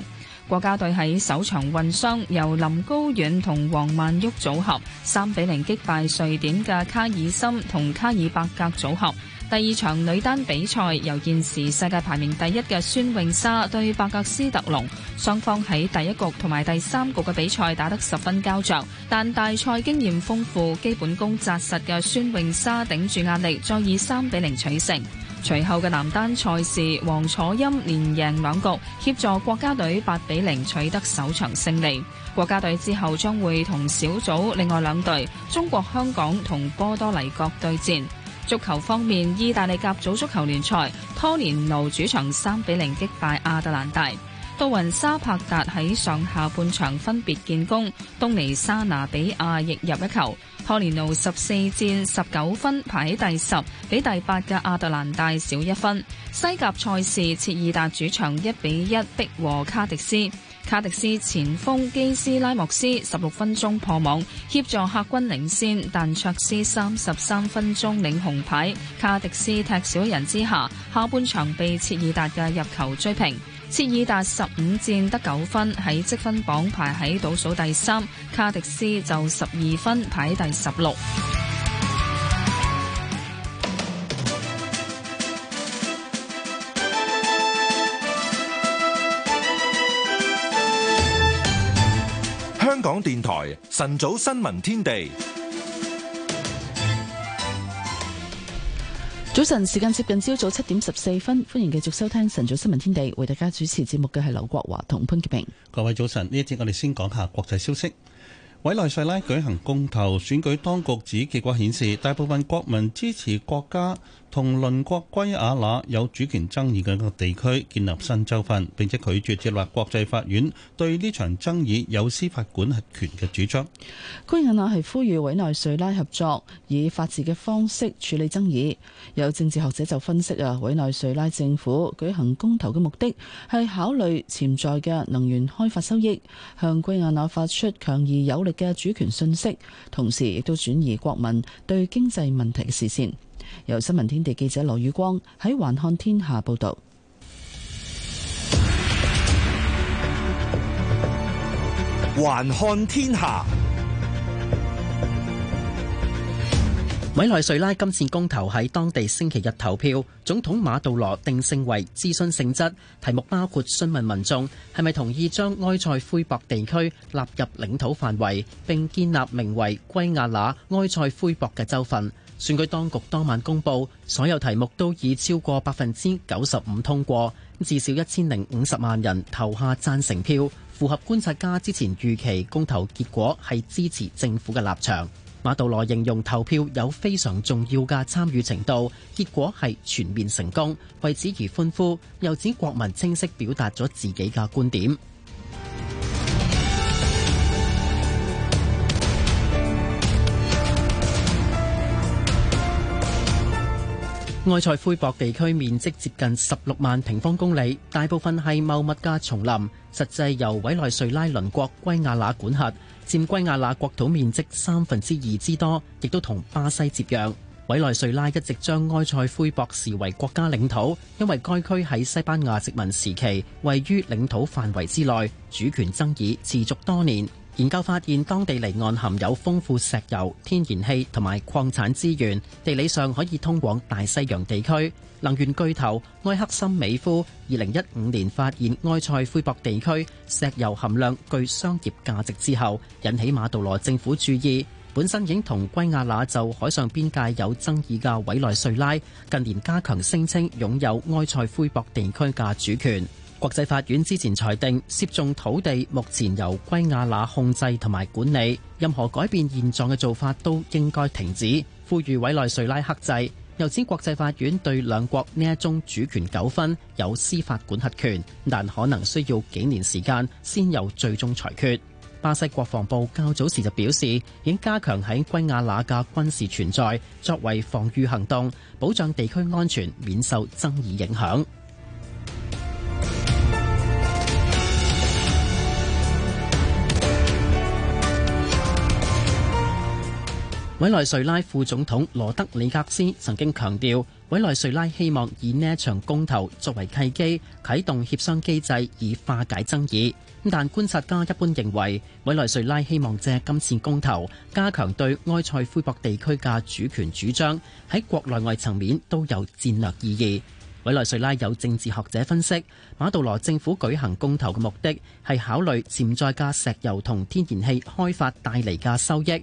國家隊喺首場混雙由林高遠同王曼昱組合三比零擊敗瑞典嘅卡爾森同卡爾伯格組合。第二場女單比賽由現時世界排名第一嘅孫穎莎對伯格斯特龍，雙方喺第一局同埋第三局嘅比賽打得十分膠着，但大賽經驗豐富，基本功扎實嘅孫穎莎頂住壓力，再以三比零取勝。隨後嘅男單賽事，王楚欽連贏兩局，協助國家隊八比零取得首場勝利。國家隊之後將會同小組另外兩隊，中國、香港同波多黎各對戰。足球方面，意大利甲組足球聯賽，拖連奴主場三比零擊敗亞特蘭大。杜雲沙帕達喺上下半場分別建功，東尼莎拿比亞亦入一球。托連奴十四戰十九分排喺第十，比第八嘅亞特蘭大少一分。西甲賽事切爾達主場一比一逼和卡迪斯，卡迪斯前鋒基斯拉莫斯十六分鐘破網協助客軍領先，但卓斯三十三分鐘領紅牌，卡迪斯踢少一人之下，下半場被切爾達嘅入球追平。切爾達十五戰得九分，喺積分榜排喺倒數第三；卡迪斯就十二分，排喺第十六。香港電台晨早新聞天地。早晨，時間接近朝早七點十四分，歡迎繼續收聽晨早新聞天地，為大家主持節目嘅係劉國華同潘潔明。各位早晨，呢一節我哋先講下國際消息，委內瑞拉舉行公投選舉，當局指結果顯示，大部分國民支持國家同鄰國圭亞那有主權爭議嘅一個地區建立新州份，並且拒絕接納國際法院對呢場爭議有司法管轄權嘅主張。圭亞那係呼籲委內瑞拉合作，以法治嘅方式處理爭議，有政治學者就分析啊，委內瑞拉政府舉行公投嘅目的係考慮潛在嘅能源開發收益，向圭亞那發出強而有力嘅主權信息，同時亦都轉移國民對經濟問題嘅視線。由新聞天地記者羅宇光喺《環看天下》報道，《環看天下》委內瑞拉今次公投喺當地星期日投票，總統馬杜羅定性為諮詢性質，題目包括詢問民眾係咪同意將埃塞奎博地區納入領土範圍，並建立名為圭亞那埃塞奎博嘅州份。選舉當局當晚公布，所有題目都已超過百分之九十五通過，至少一千零五十萬人投下贊成票，符合觀察家之前預期公投結果係支持政府嘅立場。馬杜羅形容投票有非常重要嘅參與程度，結果係全面成功，為此而歡呼，又指國民清晰表達咗自己嘅觀點。埃塞灰博地區面積接近十六萬平方公里，大部分係茂密嘅叢林，實際由委內瑞拉鄰國圭亞那管轄，佔圭亞那國土面積三分之二之多，亦都同巴西接壤。委內瑞拉一直將埃塞灰博視為國家領土，因為該區喺西班牙殖民時期位於領土範圍之內，主權爭議持續多年。研究發現，當地離岸含有豐富石油、天然氣同埋礦產資源，地理上可以通往大西洋地區。能源巨頭埃克森美孚二零一五年發現埃塞灰博地區石油含量具商業價值之後，引起馬杜羅政府注意。本身已經同圭亞那就海上邊界有爭議嘅委內瑞拉，近年加強聲稱擁有埃塞灰博地區嘅主權。國際法院之前裁定，涉訟土地目前由圭亞那控制同埋管理，任何改變現狀嘅做法都應該停止。呼籲委內瑞拉克制。又指國際法院對兩國呢一宗主權糾紛有司法管轄權，但可能需要幾年時間先有最終裁決。巴西國防部較早時就表示，已經加強喺圭亞那嘅軍事存在，作為防禦行動，保障地區安全，免受爭議影響。委內瑞拉副總統羅德里格斯曾經強調，委內瑞拉希望以呢場公投作為契機，啟動協商機制以化解爭議。但觀察家一般認為，委內瑞拉希望借今次公投加強對埃塞奎博地區嘅主權主張，喺國內外層面都有戰略意義。委內瑞拉有政治學者分析，馬杜羅政府舉行公投嘅目的係考慮潛在嘅石油同天然氣開發帶嚟嘅收益。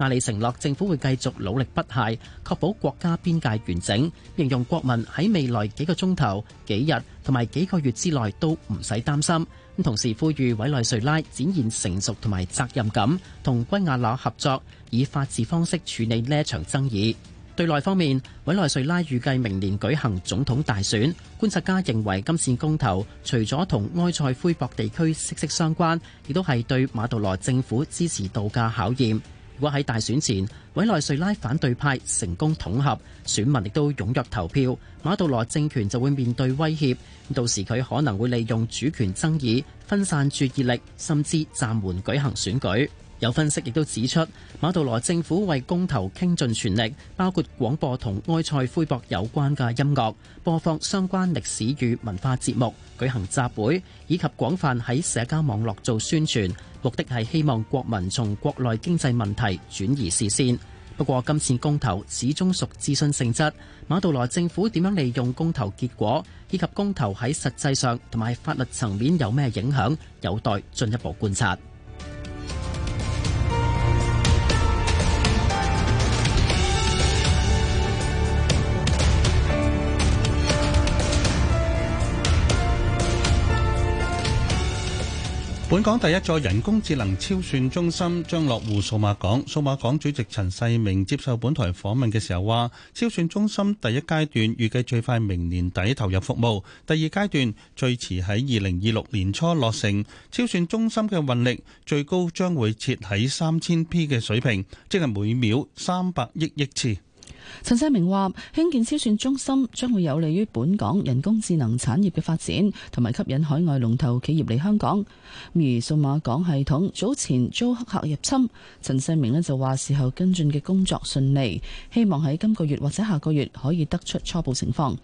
阿里承諾，政府會繼續努力不懈，確保國家邊界完整。形容國民喺未來幾個鐘頭、幾日同埋幾個月之內都唔使擔心。咁同時呼籲委內瑞拉展現成熟同埋責任感，同圭亞那合作，以法治方式處理呢一場爭議。對內方面，委內瑞拉預計明年舉行總統大選。觀察家認為，今次公投除咗同埃塞奎博地區息息相關，亦都係對馬杜羅政府支持度嘅考驗。如果喺大選前，委內瑞拉反對派成功統合，選民亦都踊躍投票，馬杜羅政權就會面對威脅。到時佢可能會利用主權爭議分散注意力，甚至暫緩舉行選舉。有分析亦都指出，馬杜羅政府為公投傾盡全力，包括廣播同埃塞奎博有關嘅音樂，播放相關歷史與文化節目、舉行集會以及廣泛喺社交網絡做宣傳，目的係希望國民從國內經濟問題轉移視線。不過，今次公投始終屬諮詢性質，馬杜羅政府點樣利用公投結果，以及公投喺實際上同埋法律層面有咩影響，有待進一步觀察。本港第一座人工智能超算中心將落戶數碼港，數碼港主席陳世明接受本台訪問嘅時候話，超算中心第一階段預計最快明年底投入服務，第二階段最遲喺二零二六年初落成。超算中心嘅運力最高將會設喺三千 P 嘅水平，即係每秒三百億億次。陳世明話：興建超算中心將會有利於本港人工智能產業嘅發展，同埋吸引海外龍頭企業嚟香港。而數碼港系統早前遭黑客入侵，陳世明呢就話事後跟進嘅工作順利，希望喺今個月或者下個月可以得出初步情況。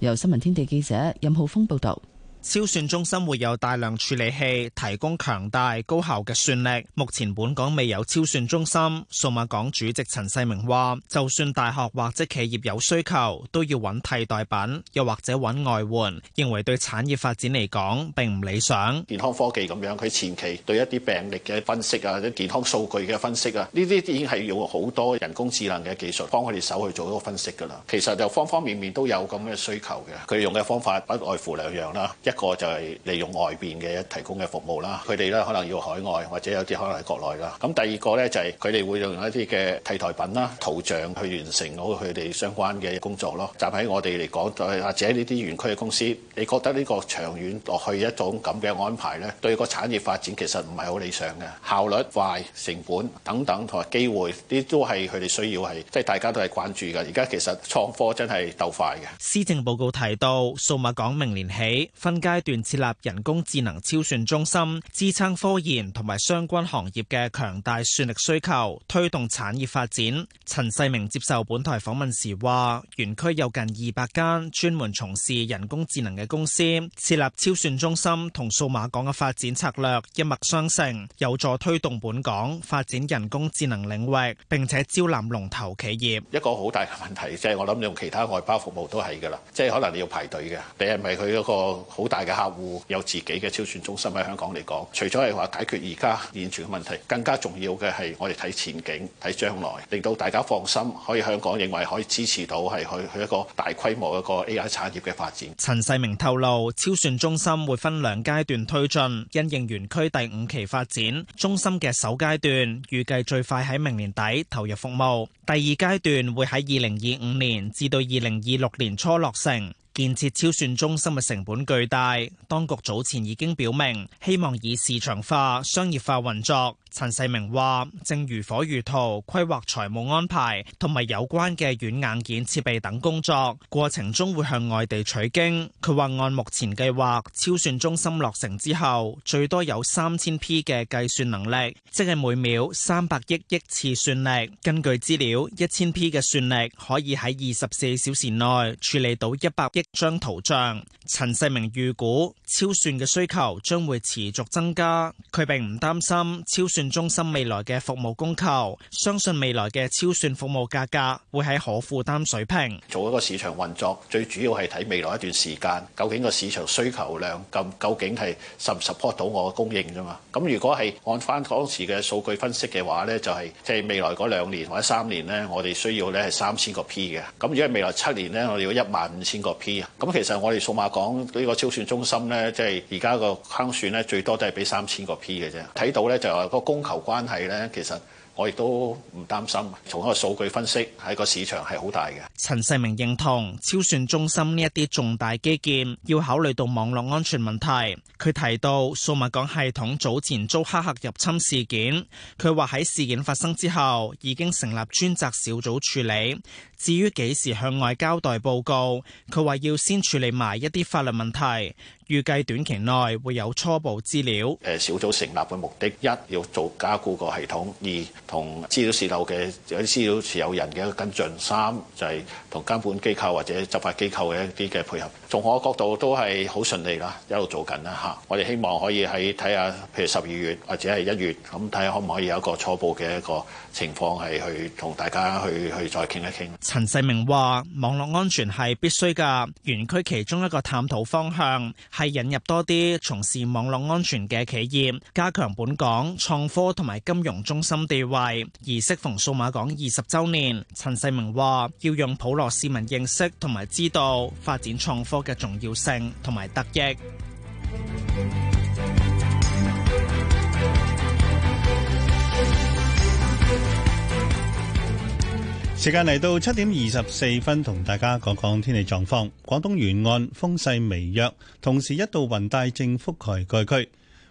由新聞天地記者任浩峰報道。超算中心會有大量處理器，提供強大高效嘅算力。目前本港未有超算中心，數碼港主席陳世明話，就算大學或者企業有需求，都要揾替代品，又或者揾外援。認為對產業發展嚟講，並唔理想。健康科技咁樣，佢前期對一啲病歷嘅分析啊，或者健康數據嘅分析啊，呢啲已經係用好多人工智能嘅技術幫我哋手去做一個分析噶啦。其實就方方面面都有咁嘅需求嘅。佢用嘅方法不外乎兩樣啦，個就係利用外邊嘅提供嘅服務啦，佢哋咧可能要海外或者有啲可能係國內啦。咁第二個呢就係佢哋會用一啲嘅替代品啦、圖像去完成好佢哋相關嘅工作咯。站喺我哋嚟講，就係或者呢啲園區嘅公司，你覺得呢個長遠落去一種咁嘅安排呢，對個產業發展其實唔係好理想嘅，效率快、成本等等同埋機會，呢啲都係佢哋需要係即係大家都係關注㗎。而家其實創科真係鬥快嘅。施政報告提到，數碼港明年起分階段設立人工智能超算中心，支撐科研同埋相關行業嘅強大算力需求，推動產業發展。陳世明接受本台訪問時話，園區有近二百間專門從事人工智能嘅公司，設立超算中心同數碼港嘅發展策略一脈相承，有助推動本港發展人工智能領域，並且招攬龍頭企業。一個好大嘅問題，即係、就是、我諗用其他外包服務都係噶啦，即、就、係、是、可能你要排隊嘅，你係咪佢嗰個好？大嘅客戶有自己嘅超算中心，喺香港嚟講，除咗係話解決而家現存嘅問題，更加重要嘅係我哋睇前景、睇將來，令到大家放心，可以香港認為可以支持到係去去一個大規模一個 AI 產業嘅發展。陳世明透露，超算中心會分兩階段推進，因應園區第五期發展，中心嘅首階段預計最快喺明年底投入服務，第二階段會喺二零二五年至到二零二六年初落成。建設超算中心嘅成本巨大，當局早前已經表明希望以市場化、商業化運作。陳世明話：正如火如荼規劃財務安排同埋有關嘅軟硬件設備等工作過程中會向外地取經。佢話按目前計劃，超算中心落成之後，最多有三千 P 嘅計算能力，即係每秒三百億億次算力。根據資料，一千 P 嘅算力可以喺二十四小時內處理到一百億張圖像。陳世明預估超算嘅需求將會持續增加，佢並唔擔心超。算中心未來嘅服務供求，相信未來嘅超算服務價格會喺可負擔水平。做一個市場運作，最主要係睇未來一段時間，究竟個市場需求量咁究竟係 support 到我嘅供應啫嘛。咁如果係按翻當時嘅數據分析嘅話咧，就係即係未來嗰兩年或者三年咧，我哋需要咧係三千個 P 嘅。咁如果未來七年咧，我哋要一萬五千個 P。啊，咁其實我哋數碼港呢個超算中心咧，即係而家個計算咧最多都係俾三千個 P 嘅啫。睇到咧就係嗰。供求關係呢，其實我亦都唔擔心。從一個數據分析，喺個市場係好大嘅。陳世明認同超算中心呢一啲重大基建要考慮到網絡安全問題。佢提到數碼港系統早前遭黑客入侵事件，佢話喺事件發生之後已經成立專責小組處理。至於幾時向外交代報告，佢話要先處理埋一啲法律問題，預計短期內會有初步資料。誒，小組成立嘅目的一要做加固個系統，二同資料泄漏嘅有啲資料持有人嘅一個跟進，三就係，是，同監管機構或者執法機構嘅一啲嘅配合。從我個角度都係好順利啦，一路做緊啦嚇。我哋希望可以喺睇下，譬如十二月或者係一月，咁睇下可唔可以有一個初步嘅一個情況係去同大家去去再傾一傾。陳世明話：網絡安全係必須噶，園區其中一個探討方向係引入多啲從事網絡安全嘅企業，加強本港創科同埋金融中心地位。而適逢數碼港二十周年，陳世明話：要用普羅市民認識同埋知道發展創科嘅重要性同埋得益。時間嚟到七點二十四分，同大家講講天氣狀況。廣東沿岸風勢微弱，同時一道雲帶正覆蓋該區。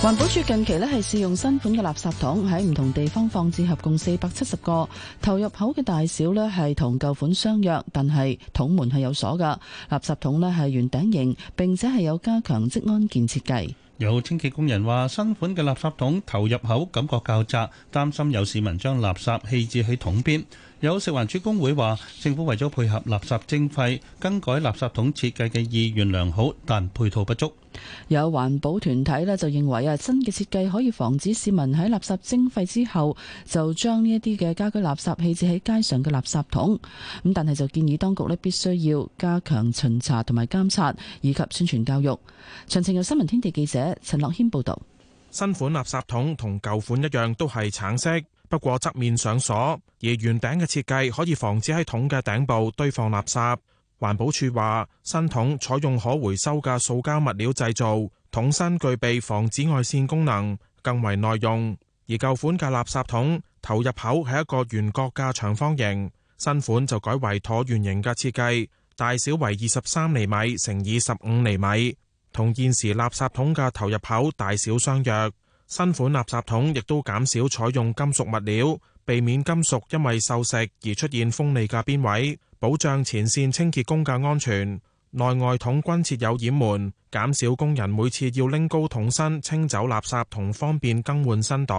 環保署近期呢係試用新款嘅垃圾桶喺唔同地方放置，合共四百七十個。投入口嘅大小呢係同舊款相若，但係桶門係有鎖噶。垃圾桶呢係圓頂形，並且係有加強職安健設計。有清潔工人話，新款嘅垃圾桶投入口感覺較窄，擔心有市民將垃圾棄置喺桶邊。有食環署公會話，政府為咗配合垃圾徵費，更改垃圾桶設計嘅意願良好，但配套不足。有環保團體咧就認為啊，新嘅設計可以防止市民喺垃圾徵費之後就將呢一啲嘅家居垃圾棄置喺街上嘅垃圾桶。咁但係就建議當局咧必須要加強巡查同埋監察以及宣傳教育。詳情由新聞天地記者陳樂軒報道。新款垃圾桶同舊款一樣都係橙色，不過側面上鎖。而圓頂嘅設計可以防止喺桶嘅頂部堆放垃圾。環保署話，新桶採用可回收嘅塑膠物料製造，桶身具備防紫外線功能，更為耐用。而舊款嘅垃圾桶，投入口係一個圓角嘅長方形，新款就改為橢圓形嘅設計，大小為二十三厘米乘以十五厘米，同現時垃圾桶嘅投入口大小相若。新款垃圾桶亦都減少採用金屬物料。避免金屬因為鏽蝕而出現鋒利嘅邊位，保障前線清潔工嘅安全。內外桶均設有掩門，減少工人每次要拎高桶身清走垃圾同方便更換新袋。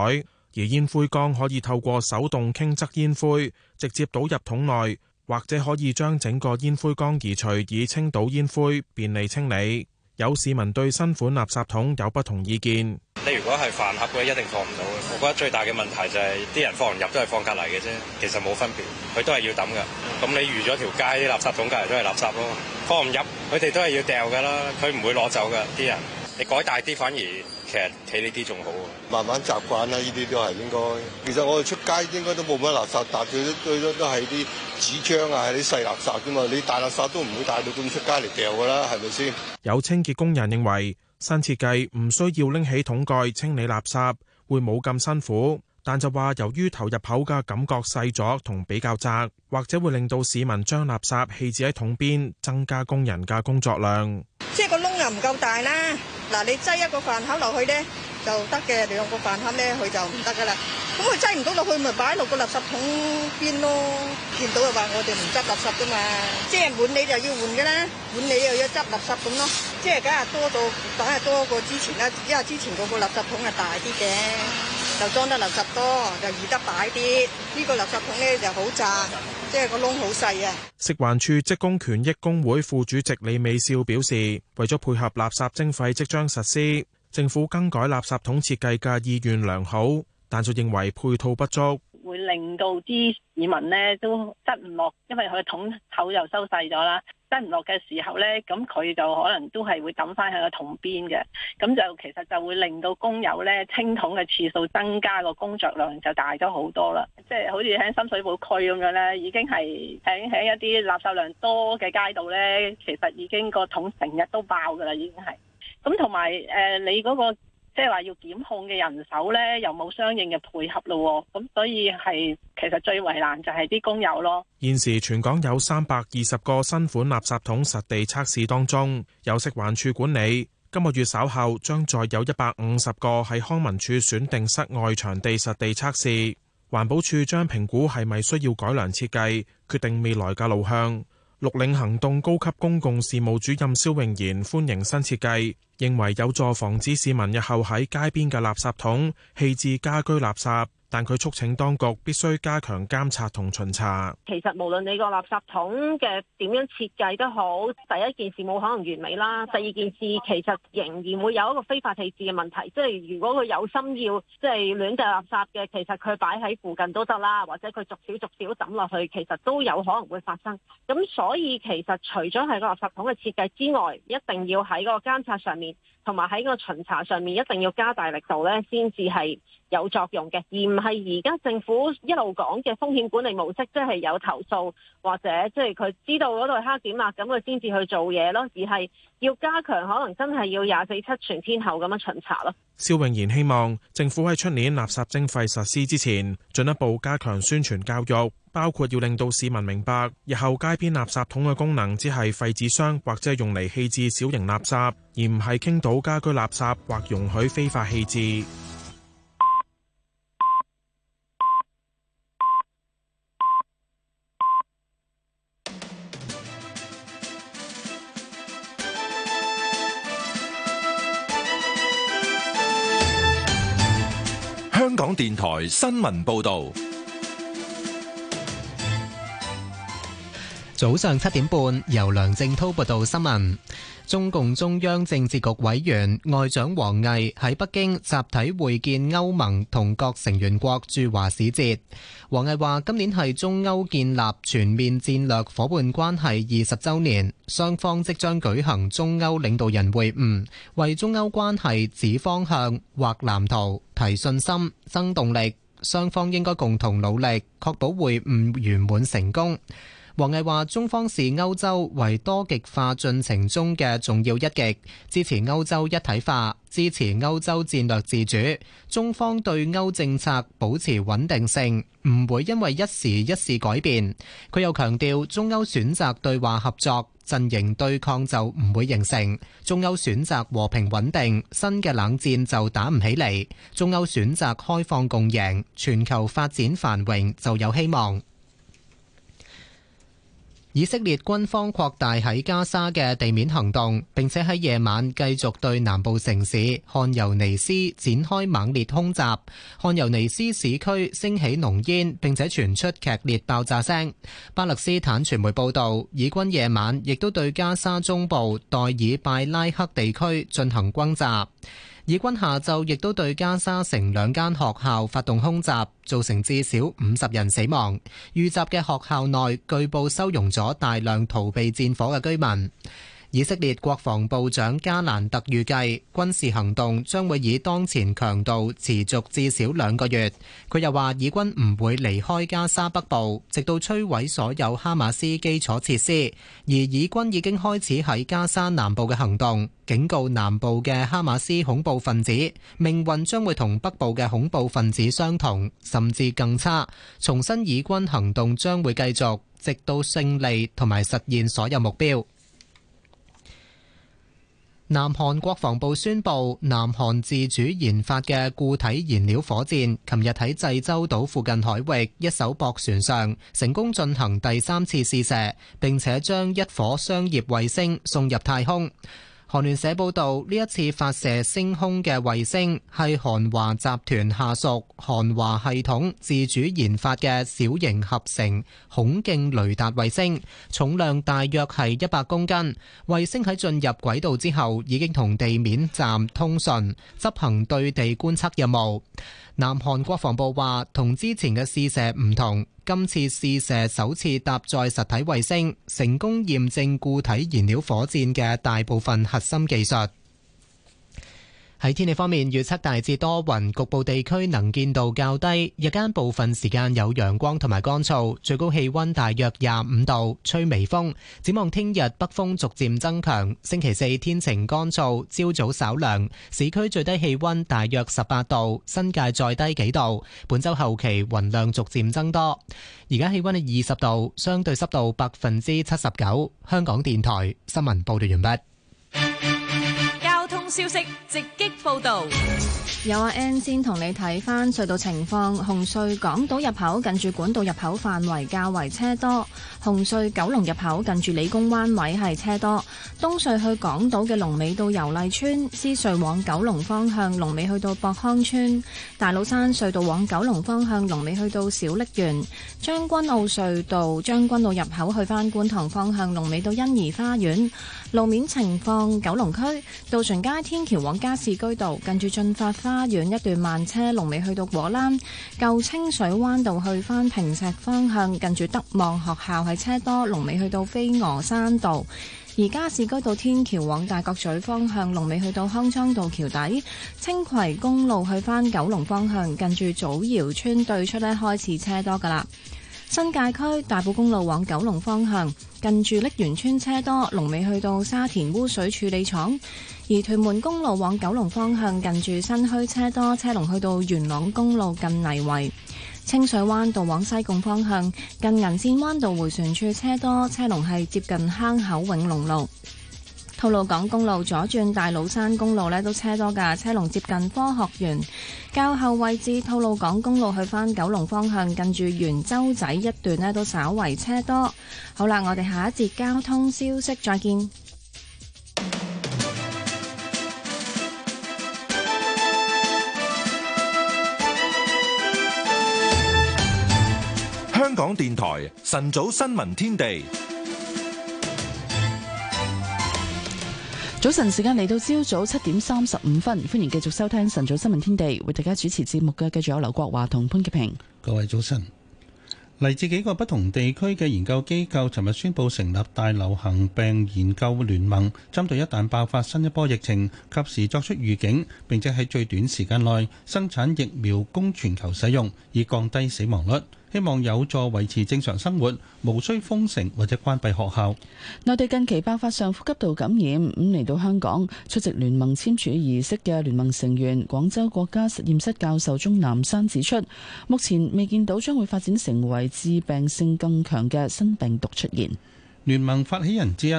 而煙灰缸，可以透過手動傾側煙灰，直接倒入桶內，或者可以將整個煙灰缸移除以清倒煙灰，便利清理。有市民對新款垃圾桶有不同意見。你如果係飯盒嘅，一定放唔到嘅。我覺得最大嘅問題就係啲人放唔入都係放隔離嘅啫，其實冇分別，佢都係要抌㗎。咁你預咗條街啲垃圾桶隔離都係垃圾咯，放唔入佢哋都係要掉㗎啦，佢唔會攞走㗎。啲人。你改大啲反而。其實睇呢啲仲好，慢慢習慣啦，呢啲都係應該。其實我哋出街應該都冇乜垃圾，但最多最多都係啲紙張啊，啲細垃圾啫嘛。你大垃圾都唔會帶到咁出街嚟掉噶啦，係咪先？有清潔工人認為新設計唔需要拎起桶蓋清理垃圾，會冇咁辛苦。但就話由於投入口嘅感覺細咗同比較窄，或者會令到市民將垃圾棄置喺桶邊，增加工人嘅工作量。即係、這個唔夠大啦！嗱，你擠一個飯盒落去咧。就得嘅，兩個飯盒咧，佢就唔得噶啦。咁佢擠唔到落去，咪擺落個垃圾桶邊咯。見到就話我哋唔執垃圾噶嘛。即係滿你就要換嘅啦，滿你又要執垃圾咁咯。即係梗係多到，梗係多過之前啦，因為之前個個垃圾桶係大啲嘅，就裝得垃圾多，就易得擺啲。呢個垃圾桶咧就好窄，即係個窿好細啊。食環署職工權益工會副主席李美笑表示，為咗配合垃圾徵費即將實施。政府更改垃圾桶設計嘅意願良好，但就認為配套不足，會令到啲市民呢都塞唔落，因為佢個桶口又收細咗啦，塞唔落嘅時候呢，咁佢就可能都係會抌翻喺個桶邊嘅，咁就其實就會令到工友呢清桶嘅次數增加，個工作量就大咗、就是、好多啦。即係好似喺深水埗區咁樣呢，已經係喺喺一啲垃圾量多嘅街道呢，其實已經個桶成日都爆噶啦，已經係。咁同埋，誒你嗰個即係話要檢控嘅人手咧，又冇相應嘅配合咯、哦，咁所以係其實最為難就係啲工友咯。現時全港有三百二十個新款垃圾桶實地測試當中，由食環署管理。今個月稍後將再有一百五十個喺康文署選定室外場地實地測試。環保署將評估係咪需要改良設計，決定未來嘅路向。綠領行動高級公共事務主任蕭穎賢歡迎新設計，認為有助防止市民日後喺街邊嘅垃圾桶棄置家居垃圾。但佢促請當局必須加強監察同巡查。其實無論你個垃圾桶嘅點樣設計都好，第一件事冇可能完美啦。第二件事其實仍然會有一個非法棄置嘅問題。即係如果佢有心要即係亂掟垃圾嘅，其實佢擺喺附近都得啦，或者佢逐少逐少抌落去，其實都有可能會發生。咁所以其實除咗係個垃圾桶嘅設計之外，一定要喺個監察上面。同埋喺個巡查上面一定要加大力度咧，先至係有作用嘅，而唔係而家政府一路講嘅風險管理模式，即係有投訴或者即係佢知道嗰度係黑點啦，啊，咁佢先至去做嘢咯。而係要加強，可能真係要廿四七全天候咁樣巡查咯。肖永賢希望政府喺出年垃圾徵費實施之前，進一步加強宣傳教育。包括要令到市民明白，日後街邊垃圾桶嘅功能只係廢紙箱，或者用嚟棄置小型垃圾，而唔係傾倒家居垃圾或容許非法棄置。香港電台新聞報道。早上七點半，由梁正濤報道新聞。中共中央政治局委員外長王毅，喺北京集體會見歐盟同各成員國駐華使節。王毅話，今年係中歐建立全面戰略夥伴關係二十周年，雙方即將舉行中歐領導人會晤，為中歐關係指方向、畫藍圖、提信心、增動力。雙方應該共同努力，確保會晤圓滿成功。王毅話：中方視歐洲為多極化進程中嘅重要一極，支持歐洲一體化，支持歐洲戰略自主。中方對歐政策保持穩定性，唔會因為一時一事改變。佢又強調：中歐選擇對話合作，陣營對抗就唔會形成。中歐選擇和平穩定，新嘅冷戰就打唔起嚟。中歐選擇開放共贏，全球發展繁榮就有希望。以色列軍方擴大喺加沙嘅地面行動，並且喺夜晚繼續對南部城市漢尤尼斯展開猛烈空襲。漢尤尼斯市區升起濃煙，並且傳出劇烈爆炸聲。巴勒斯坦傳媒報道，以軍夜晚亦都對加沙中部代爾拜拉克地區進行轟炸。以軍下晝亦都對加沙城兩間學校發動空襲，造成至少五十人死亡。遇襲嘅學校內據報收容咗大量逃避戰火嘅居民。以色列國防部長加蘭特預計軍事行動將會以當前強度持續至少兩個月。佢又話，以軍唔會離開加沙北部，直到摧毀所有哈馬斯基礎設施。而以軍已經開始喺加沙南部嘅行動，警告南部嘅哈馬斯恐怖分子命運將會同北部嘅恐怖分子相同，甚至更差。重新以軍行動將會繼續，直到勝利同埋實現所有目標。南韓國防部宣布，南韓自主研發嘅固體燃料火箭，琴日喺濟州島附近海域一艘駁船上成功進行第三次試射，並且將一顆商業衛星送入太空。韓聯社報道，呢一次發射升空嘅衛星係韓華集團下屬韓華系統自主研發嘅小型合成孔徑雷達衛星，重量大約係一百公斤。衛星喺進入軌道之後，已經同地面站通訊，執行對地觀測任務。南韓國防部話，同之前嘅試射唔同，今次試射首次搭載實體衛星，成功驗證固體燃料火箭嘅大部分核心技術。喺天氣方面，預測大致多雲，局部地區能見度較低，日間部分時間有陽光同埋乾燥，最高氣溫大約廿五度，吹微風。展望聽日北風逐漸增強，星期四天晴乾燥，朝早稍涼，市區最低氣溫大約十八度，新界再低幾度。本周後期雲量逐漸增多，而家氣溫係二十度，相對濕度百分之七十九。香港電台新聞報道完畢。消息直擊報道，有阿 N 先同你睇翻隧道情況，紅隧港島入口近住管道入口範圍較為車多。紅隧九龍入口近住理工灣位係車多，東隧去港島嘅龍尾到油麗村，獅隧往九龍方向龍尾去到博康村，大老山隧道往九龍方向龍尾去到小瀝源，將軍澳隧道將軍澳入口去翻觀塘方向龍尾到欣怡花園路面情況，九龍區渡船街天橋往加士居道近住駿發花園一段慢車，龍尾去到果欄，舊清水灣道去翻坪石方向近住德望學校。車多，龍尾去到飛鵝山道；而加士居道天橋往大角咀方向，龍尾去到康莊道橋底；青葵公路去返九龍方向，近住祖堯村對出呢，開始車多噶啦。新界區大埔公路往九龍方向，近住瀝源村車多，龍尾去到沙田污水處理廠；而屯門公路往九龍方向，近住新墟車多，車龍去到元朗公路近泥圍。清水灣道往西貢方向，近銀綫灣道回旋處車多，車龍係接近坑口永隆路。吐露港公路左轉大老山公路呢都車多噶車龍接近科學園較後位置。吐露港公路去返九龍方向，近住圓洲仔一段呢都稍為車多。好啦，我哋下一節交通消息再見。香港電台晨早新聞天地，早晨時間嚟到朝早七點三十五分，歡迎繼續收聽晨早新聞天地，為大家主持節目嘅繼續有劉國華同潘潔平。各位早晨！嚟自幾個不同地區嘅研究機構，尋日宣布成立大流行病研究聯盟，針對一旦爆發新一波疫情，及時作出預警，並且喺最短時間內生產疫苗供全球使用，以降低死亡率。希望有助維持正常生活，無需封城或者關閉學校。內地近期爆發上呼吸道感染，咁嚟到香港出席聯盟簽署儀式嘅聯盟成員，廣州國家實驗室教授鍾南山指出，目前未見到將會發展成為致病性更強嘅新病毒出現，聯盟發起人之一。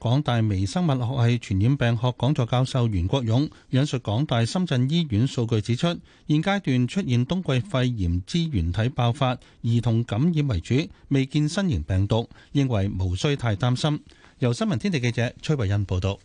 港大微生物學系傳染病學講座教授袁國勇引述港大深圳醫院數據指出，現階段出現冬季肺炎支原體爆發，兒童感染為主，未見新型病毒，認為無需太擔心。由新聞天地記者崔慧欣報道。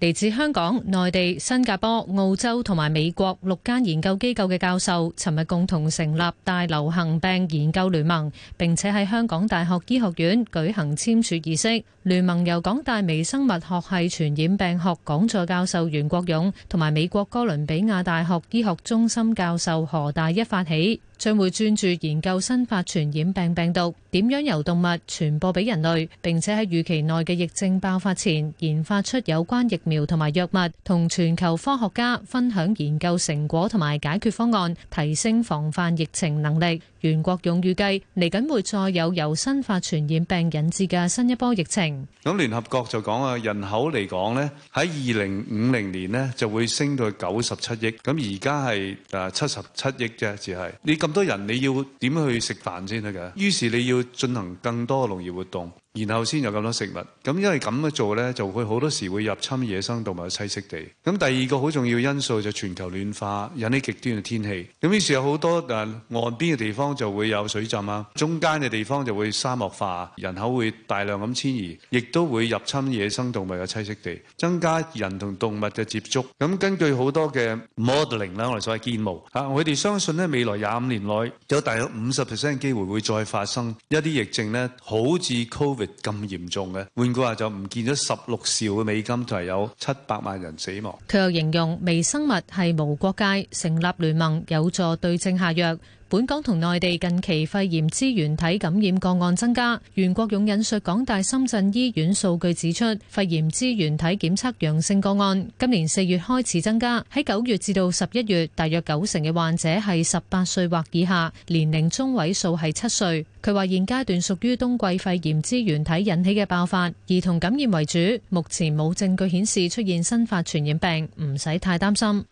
嚟自香港、內地、新加坡、澳洲同埋美國六間研究機構嘅教授，尋日共同成立大流行病研究聯盟，並且喺香港大學醫學院舉行簽署儀式。聯盟由港大微生物學系傳染病學講座教授袁國勇同埋美國哥倫比亞大學醫學中心教授何大一發起，將會專注研究新發傳染病病毒點樣由動物傳播俾人類，並且喺預期內嘅疫症爆發前，研發出有關疫苗同埋藥物，同全球科學家分享研究成果同埋解決方案，提升防範疫情能力。袁國勇預計嚟緊會再有由新發傳染病引致嘅新一波疫情。咁聯合國就講啊，人口嚟講呢，喺二零五零年呢就會升到去九十七億。咁而家係誒七十七億啫，只係你咁多人，你要點去食飯先得㗎？於是你要進行更多農業活動，然後先有咁多食物。咁因為咁樣做呢，就會好多時會入侵野生動物嘅棲息地。咁第二個好重要因素就全球暖化，引起極端嘅天氣。咁於是有好多誒岸邊嘅地方。就會有水浸啊，中間嘅地方就會沙漠化，人口會大量咁遷移，亦都會入侵野生動物嘅棲息地，增加人同動物嘅接觸。咁根據好多嘅 modeling 咧，我哋所謂建模吓，我哋相信呢未來廿五年內有大約五十 percent 嘅機會會再發生一啲疫症呢，好似 Covid 咁嚴重嘅。換句話就唔見咗十六兆嘅美金，就係有七百萬人死亡。佢又形容微生物係無國界，成立聯盟有助對症下藥。本港同內地近期肺炎支原體感染個案增加，袁國勇引述港大深圳醫院數據指出，肺炎支原體檢測陽性個案今年四月開始增加，喺九月至到十一月，大約九成嘅患者係十八歲或以下，年齡中位數係七歲。佢話現階段屬於冬季肺炎支原體引起嘅爆發，兒童感染為主，目前冇證據顯示出現新發傳染病，唔使太擔心。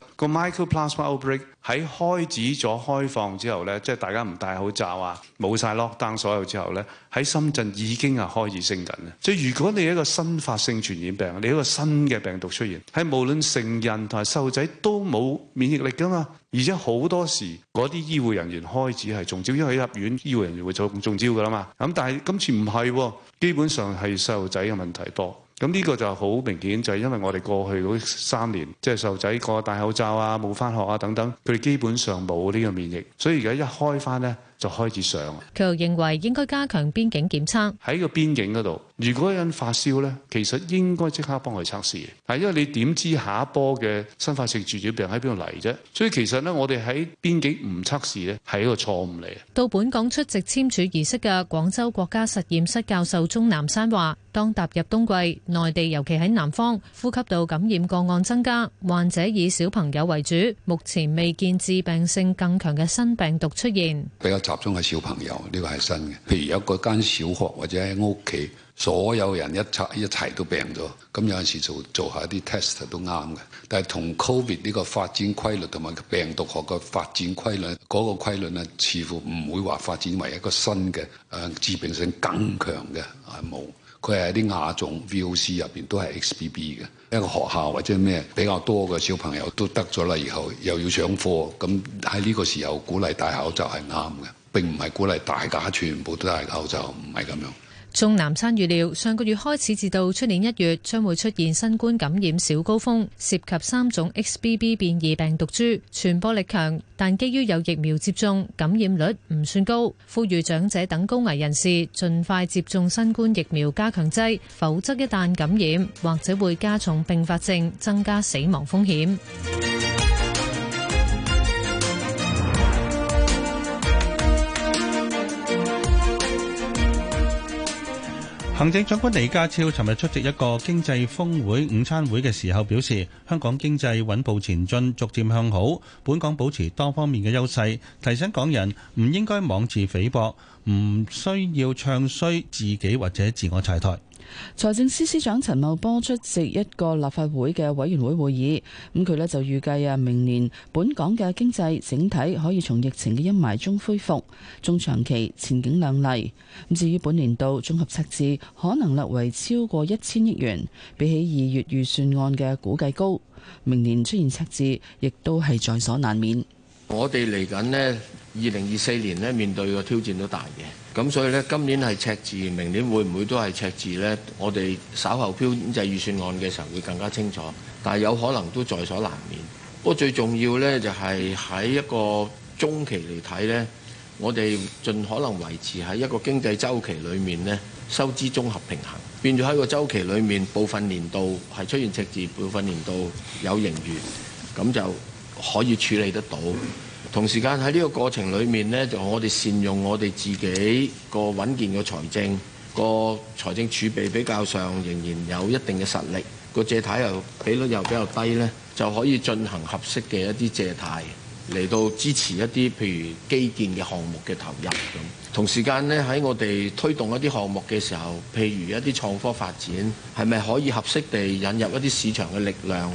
喺開始咗開放之後呢，即大家唔戴口罩啊，冇曬 lockdown 所有之後呢，喺深圳已經啊開始升緊啦。即如果你一個新發性傳染病，你一個新嘅病毒出現，喺無論成人同埋細路仔都冇免疫力噶嘛，而且好多時嗰啲醫護人員開始係中招，因為入院醫護人員會中招噶嘛。咁但係今次唔係，基本上係細路仔嘅問題多。咁呢個就係好明顯，就係，是，因為我哋過去嗰三年，即係受仔個戴口罩啊、冇翻學啊等等，佢基本上冇呢個免疫，所以而家一開翻咧就開始上了。佢又認為應該加強邊境檢測喺個邊境嗰度。如果有人發燒咧，其實應該即刻幫佢測試嘅，係因為你點知下一波嘅新發性傳染病喺邊度嚟啫？所以其實呢，我哋喺邊境唔測試呢？係一個錯誤嚟。到本港出席簽署儀式嘅廣州國家實驗室教授鍾南山話，當踏入冬季，內地尤其喺南方，呼吸道感染個案增加，患者以小朋友為主。目前未見致病性更強嘅新病毒出現，比較集中係小朋友呢個係新嘅，譬如有一間小學或者喺屋企。所有人一齊一齊都病咗，咁有陣時做做下啲 test 都啱嘅。但係同 COVID 呢個發展規律同埋病毒學嘅發展規律，嗰個規律呢似乎唔會話發展為一個新嘅誒、呃、致病性更強嘅啊冇。佢係啲亞種 VOC 入邊都係 XBB 嘅。一個學校或者咩比較多嘅小朋友都得咗啦，然後又要上課，咁喺呢個時候鼓勵戴口罩係啱嘅，並唔係鼓勵大家全部都戴口罩，唔係咁樣。鍾南山預料，上個月開始至到出年一月，將會出現新冠感染小高峰，涉及三種 XBB 變異病毒株，傳播力強，但基於有疫苗接種，感染率唔算高。呼籲長者等高危人士盡快接種新冠疫苗加強劑，否則一旦感染，或者會加重併發症，增加死亡風險。行政長官李家超尋日出席一個經濟峰會午餐會嘅時候表示，香港經濟穩步前進，逐漸向好。本港保持多方面嘅優勢，提醒港人唔應該妄自菲薄，唔需要唱衰自己或者自我拆台。財政司司長陳茂波出席一個立法會嘅委員會會議，咁佢呢就預計啊，明年本港嘅經濟整體可以從疫情嘅陰霾中恢復，中長期前景亮麗。咁至於本年度綜合赤字可能略為超過一千億元，比起二月預算案嘅估計高，明年出現赤字亦都係在所難免。我哋嚟緊呢，二零二四年呢面對嘅挑戰都大嘅。咁所以呢，今年係赤字，明年會唔會都係赤字呢？我哋稍後飄就製預算案嘅時候會更加清楚，但係有可能都在所難免。不過最重要呢，就係、是、喺一個中期嚟睇呢，我哋盡可能維持喺一個經濟周期裡面呢，收支綜合平衡，變咗喺個周期裡面，部分年度係出現赤字，部分年度有盈餘，咁就可以處理得到。同時間喺呢個過程裏面呢，就我哋善用我哋自己個穩健嘅財政，個財政儲備比較上仍然有一定嘅實力，個借貸又比率又比較低呢，就可以進行合適嘅一啲借貸嚟到支持一啲譬如基建嘅項目嘅投入。同時間呢，喺我哋推動一啲項目嘅時候，譬如一啲創科發展，係咪可以合適地引入一啲市場嘅力量，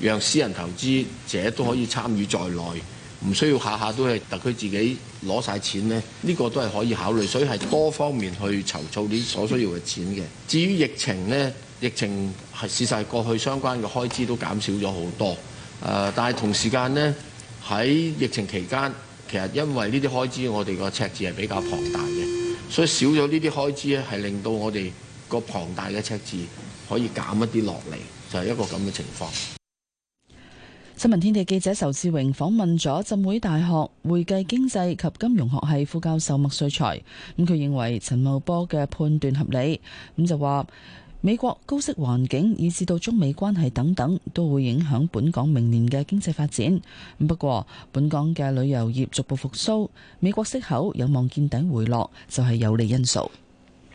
讓私人投資者都可以參與在內？唔需要下下都係，特區自己攞晒錢咧，呢、呢個都係可以考慮。所以係多方面去籌措啲所需要嘅錢嘅。至於疫情呢，疫情係事實係過去相關嘅開支都減少咗好多。呃、但係同時間呢，喺疫情期間，其實因為呢啲開支我哋個赤字係比較龐大嘅，所以少咗呢啲開支咧係令到我哋個龐大嘅赤字可以減一啲落嚟，就係、係、一個咁嘅情況。新聞天地記者仇志榮訪問咗浸會大學會計經濟及金融學系副教授麥瑞才，咁、嗯、佢認為陳茂波嘅判斷合理，咁、嗯、就話美國高息環境以至到中美關係等等都會影響本港明年嘅經濟發展。不過，本港嘅旅遊業逐步復蘇，美國息口有望見頂回落，就係有利因素。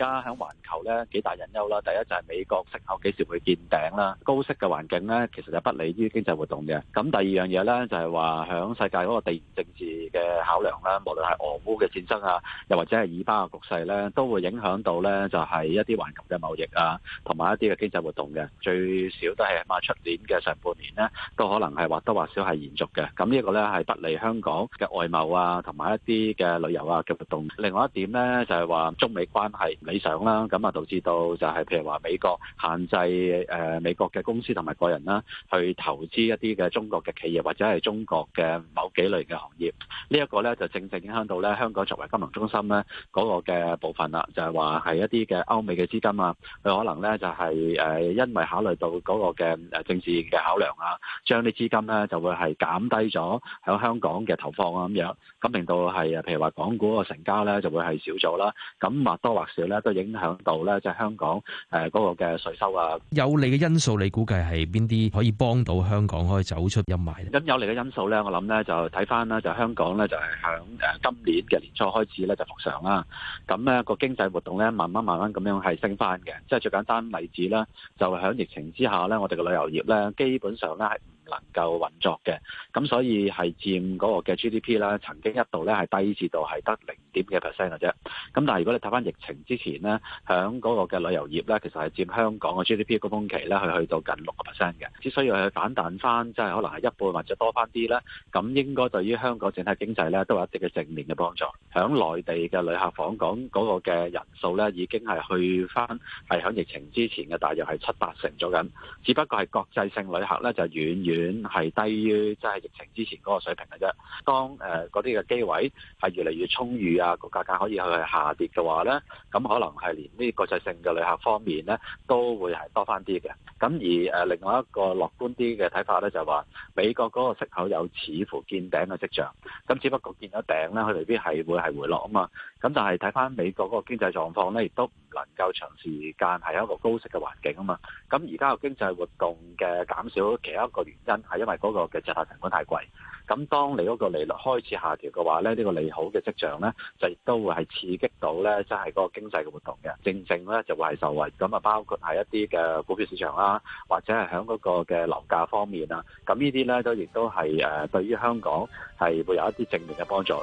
而家喺環球咧幾大隱憂啦，第一就係美國息口幾時會見頂啦，高息嘅環境咧其實就不利於經濟活動嘅。咁第二樣嘢咧就係話喺世界嗰個地緣政治嘅考量啦，無論係俄烏嘅戰爭啊，又或者係以巴嘅局勢咧，都會影響到咧就係、是、一啲環球嘅貿易啊，同埋一啲嘅經濟活動嘅。最少都係馬出年嘅上半年咧，都可能係或多或少係延續嘅。咁呢一個咧係不利香港嘅外貿啊，同埋一啲嘅旅遊啊嘅活動。另外一點咧就係、是、話中美關係。理想啦，咁啊，導致到就係譬如話美國限制誒、呃、美國嘅公司同埋個人啦，去投資一啲嘅中國嘅企業或者係中國嘅某幾類嘅行業、這個、呢一個咧就正正影響到咧香港作為金融中心咧嗰、那個嘅部分啦，就係話係一啲嘅歐美嘅資金啊，佢可能咧就係、是、誒因為考慮到嗰個嘅誒政治嘅考量啊，將啲資金咧就會係減低咗喺香港嘅投放啊咁樣，咁令到係譬如話港股個成交咧就會係少咗啦，咁或多或少咧。個影響到咧，就係香港誒嗰個嘅稅收啊。有利嘅因素你估計係邊啲可以幫到香港可以走出陰霾咧？咁有利嘅因素咧，我諗咧就睇翻啦，就香港咧就係響誒今年嘅年初開始咧就復常啦，咁咧個經濟活動咧慢慢慢慢咁樣係升翻嘅，即係最簡單例子啦，就係響疫情之下咧，我哋嘅旅遊業咧基本上咧。能夠運作嘅，咁所以係佔嗰個嘅 GDP 啦。曾經一度咧係低至到係得零點幾 percent 嘅啫。咁但係如果你睇翻疫情之前咧，響嗰個嘅旅遊業咧，其實係佔香港嘅 GDP 高峰期咧，係去到近六個 percent 嘅。只需要去反彈翻，即係可能係一半或者多翻啲咧，咁應該對於香港整體經濟咧，都有一啲嘅正面嘅幫助。響內地嘅旅客訪港嗰個嘅人數咧，已經係去翻係響疫情之前嘅，大約係七八成咗緊。只不過係國際性旅客咧，就遠遠。遠係低於即係疫情之前嗰個水平嘅啫。當誒嗰啲嘅機位係越嚟越充裕啊，個價格可以去下跌嘅話咧，咁可能係連呢國際性嘅旅客方面咧都會係多翻啲嘅。咁而誒另外一個樂觀啲嘅睇法咧就係、是、話，美國嗰個息口有似乎見頂嘅跡象，咁只不過見咗頂咧，佢未必係會係回落啊嘛。咁就係睇翻美國個經濟狀況咧，亦都唔能夠長時間係一個高息嘅環境啊嘛。咁而家個經濟活動嘅減少其中一個原因係因為嗰個嘅借貸成本太貴。咁當你嗰個利率開始下調嘅話咧，呢個利好嘅跡象咧，就亦都會係刺激到咧，即係個經濟嘅活動嘅，正正咧就會係受惠。咁啊，包括喺一啲嘅股票市場啦，或者係喺嗰個嘅樓價方面啊，咁呢啲咧都亦都係誒對於香港係會有一啲正面嘅幫助。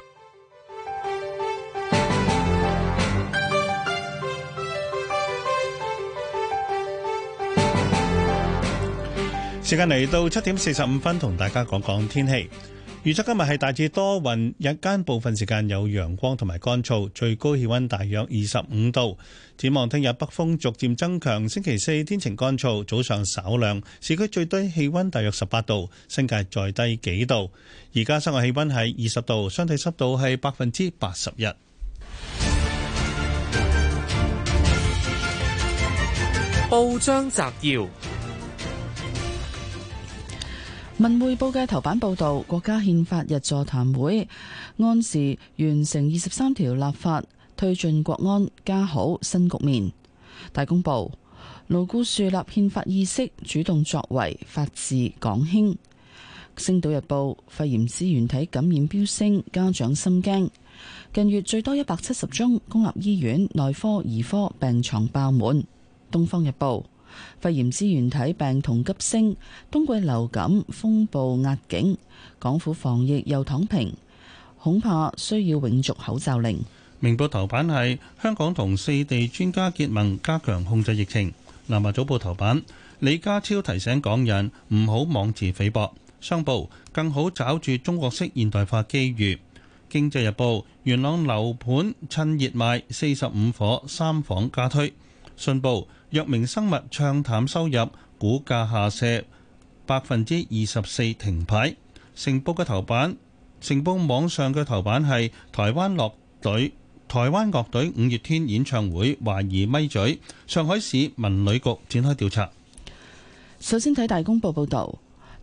時間嚟到七點四十五分，同大家講講天氣。預測今日係大致多雲，日間部分時間有陽光同埋乾燥，最高氣溫大約二十五度。展望聽日北風逐漸增強，星期四天晴乾燥，早上稍涼，市區最低氣溫大約十八度，新界再低幾度。而家室外氣溫係二十度，相對濕度係百分之八十一。報章摘要。文匯報嘅頭版報道：國家憲法日座談會按時完成二十三條立法，推進國安加好新局面。大公報，牢固樹立憲法意識，主動作為，法治港興。星島日報，肺炎支原體感染飆升，家長心驚。近月最多一百七十宗，公立醫院內科、兒科病床爆滿。東方日報。肺炎支原體病同急升，冬季流感風暴壓境，港府防疫又躺平，恐怕需要永續口罩令。明報頭版係香港同四地專家結盟加強控制疫情。南華早報頭版，李家超提醒港人唔好妄自菲薄。商報更好抓住中國式現代化機遇。經濟日報元朗樓盤趁熱賣四十五伙三房加推。信報。藥明生物唱淡收入，股價下瀉百分之二十四，停牌。成報嘅頭版，成報網上嘅頭版係台灣樂隊，台灣樂隊五月天演唱會，懷疑咪嘴，上海市文旅局展開調查。首先睇大公報報道。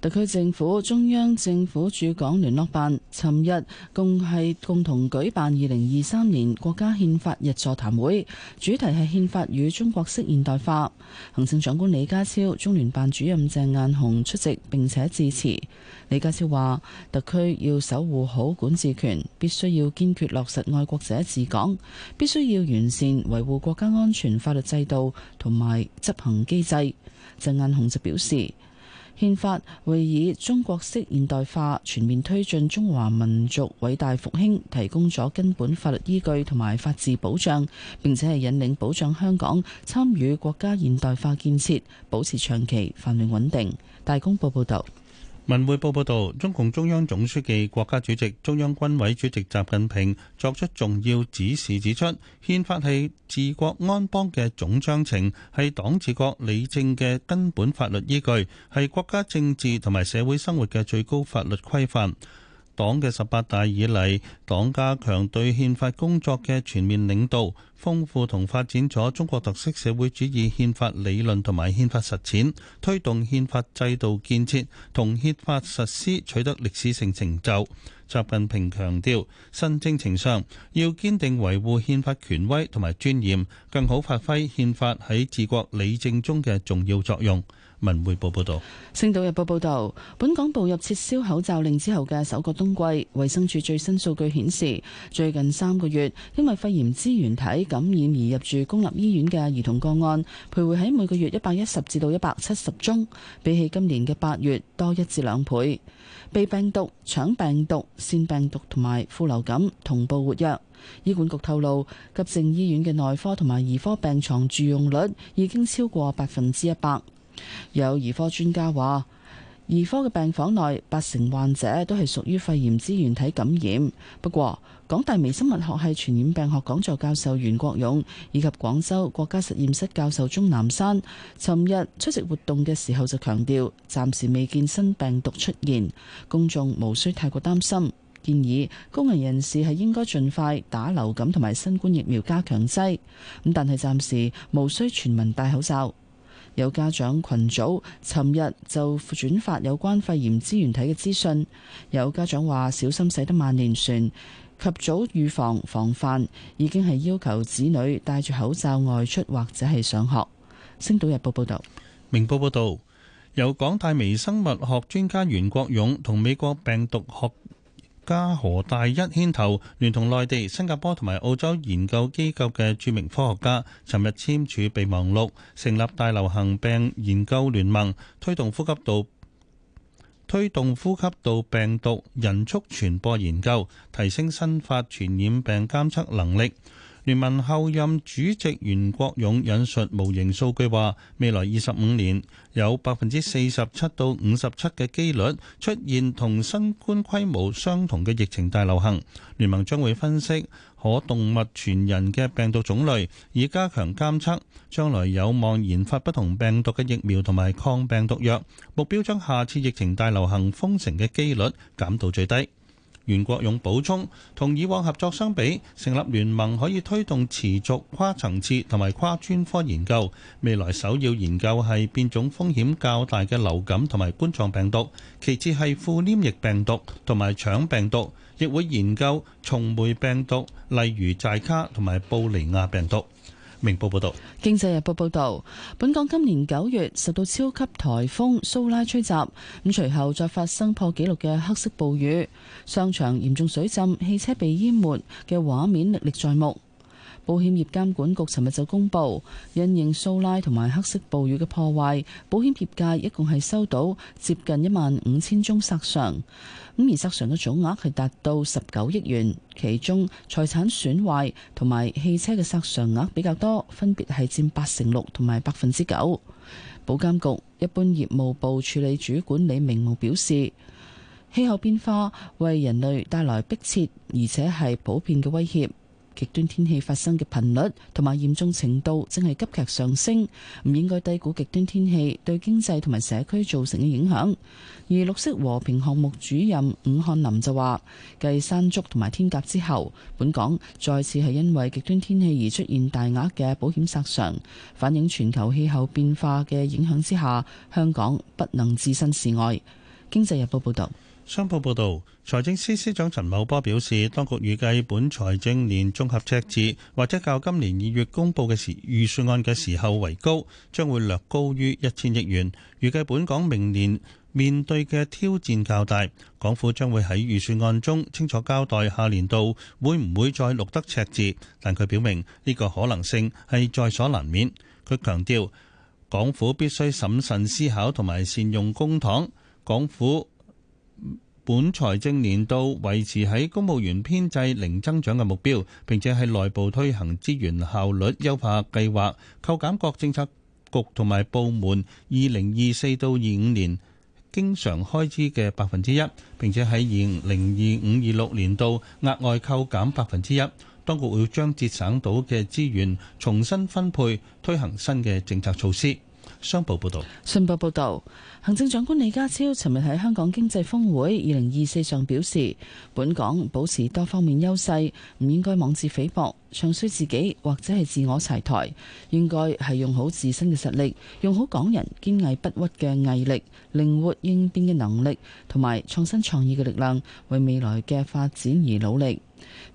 特區政府、中央政府駐港聯絡辦尋日共係共同舉辦二零二三年國家憲法日座談會，主題係憲法與中國式現代化。行政長官李家超、中聯辦主任鄭雁雄出席並且致辭。李家超話：特區要守護好管治權，必須要堅決落實愛國者治港，必須要完善維護國家安全法律制度同埋執行機制。鄭雁雄就表示，憲法會以中國式現代化全面推進中華民族偉大復興，提供咗根本法律依據同埋法治保障，並且係引領保障香港參與國家現代化建設，保持長期繁榮穩定。大公報報道。文匯報報道，中共中央總書記、國家主席、中央軍委主席習近平作出重要指示指出，憲法係治國安邦嘅總章程，係黨治國理政嘅根本法律依據，係國家政治同埋社會生活嘅最高法律規範。黨嘅十八大以嚟，黨加強對憲法工作嘅全面領導，豐富同發展咗中國特色社會主義憲法理論同埋憲法實踐，推動憲法制度建設同憲法實施取得歷史性成就。習近平強調，新征程上要堅定維護憲法權威同埋尊嚴，更好發揮憲法喺治國理政中嘅重要作用。文匯報報道，《星島日報》報道，本港步入撤銷口罩令之後嘅首個冬季，衛生署最新數據顯示，最近三個月因為肺炎支原體感染而入住公立醫院嘅兒童個案，徘徊喺每個月一百一十至到一百七十宗，比起今年嘅八月多一至兩倍。鼻病毒、腸病毒、腺病毒同埋副流感同步活躍，醫管局透露，急症醫院嘅內科同埋兒科病床住用率已經超過百分之一百。有兒科專家話，兒科嘅病房內八成患者都係屬於肺炎支原體感染。不過，港大微生物學系傳染病學講座教授袁國勇以及廣州國家實驗室教授鍾南山，尋日出席活動嘅時候就強調，暫時未見新病毒出現，公眾無需太過擔心。建議高危人士係應該盡快打流感同埋新冠疫苗加強劑。咁但係暫時無需全民戴口罩。有家長群組尋日就轉發有關肺炎支原體嘅資訊，有家長話：小心使得萬年船，及早預防防範，已經係要求子女戴住口罩外出或者係上學。星島日報報道、明報報道，由港大微生物學專家袁國勇同美國病毒學加禾大一牽頭，聯同內地、新加坡同埋澳洲研究機構嘅著名科學家，尋日簽署備忘錄，成立大流行病研究聯盟，推動呼吸道推動呼吸道病毒人畜傳播研究，提升新發傳染病監測能力。聯盟后任主席袁國勇引述模型數據話，未來二十五年有百分之四十七到五十七嘅機率出現同新冠規模相同嘅疫情大流行。聯盟將會分析可動物傳人嘅病毒種類，以加強監測。將來有望研發不同病毒嘅疫苗同埋抗病毒藥，目標將下次疫情大流行封城嘅機率減到最低。袁國勇補充，同以往合作相比，成立聯盟可以推動持續跨層次同埋跨專科研究。未來首要研究係變種風險較大嘅流感同埋冠狀病毒，其次係副黏液病毒同埋腸病毒，亦會研究蟲媒病毒，例如寨卡同埋布尼亞病毒。明報報道，《經濟日報》報道，本港今年九月受到超級颱風蘇拉吹襲，咁隨後再發生破紀錄嘅黑色暴雨，商場嚴重水浸，汽車被淹沒嘅畫面歷歷在目。保險業監管局尋日就公布，因應蘇拉同埋黑色暴雨嘅破壞，保險業界一共係收到接近一萬五千宗索償，咁而索償嘅總額係達到十九億元，其中財產損壞同埋汽車嘅索償額比較多，分別係佔八成六同埋百分之九。保監局一般業務部處理主管李明無表示，氣候變化為人類帶來迫切而且係普遍嘅威脅。極端天氣發生嘅頻率同埋嚴重程度正係急劇上升，唔應該低估極端天氣對經濟同埋社區造成嘅影響。而綠色和平項目主任伍漢林就話，繼山竹同埋天鴿之後，本港再次係因為極端天氣而出現大額嘅保險索償，反映全球氣候變化嘅影響之下，香港不能置身事外。經濟日報報道。商報報導，財政司司長陳茂波表示，當局預計本財政年綜合赤字，或者較今年二月公佈嘅時預算案嘅時候為高，將會略高於一千億元。預計本港明年面對嘅挑戰較大，港府將會喺預算案中清楚交代下年度會唔會再錄得赤字。但佢表明，呢個可能性係在所難免。佢強調，港府必須審慎思考，同埋善用公帑，港府本財政年度維持喺公務員編制零增長嘅目標，並且喺內部推行資源效率優化計劃，扣減各政策局同埋部門二零二四到二五年經常開支嘅百分之一，並且喺二零二五二六年度額外扣減百分之一。當局會將節省到嘅資源重新分配，推行新嘅政策措施。商報報道，信報報道，行政長官李家超尋日喺香港經濟峰會二零二四上表示，本港保持多方面優勢，唔應該妄自菲薄，唱衰自己或者係自我柴台，應該係用好自身嘅實力，用好港人堅毅不屈嘅毅力、靈活應變嘅能力同埋創新創意嘅力量，為未來嘅發展而努力。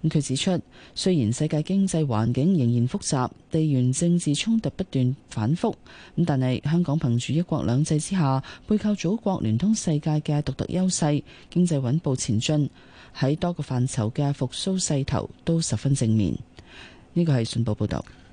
佢指出，雖然世界經濟環境仍然複雜，地緣政治衝突不斷反覆，咁但係香港憑住一國兩制之下，背靠祖國聯通世界嘅獨特優勢，經濟穩步前進，喺多個範疇嘅復蘇勢頭都十分正面。呢個係信報報道。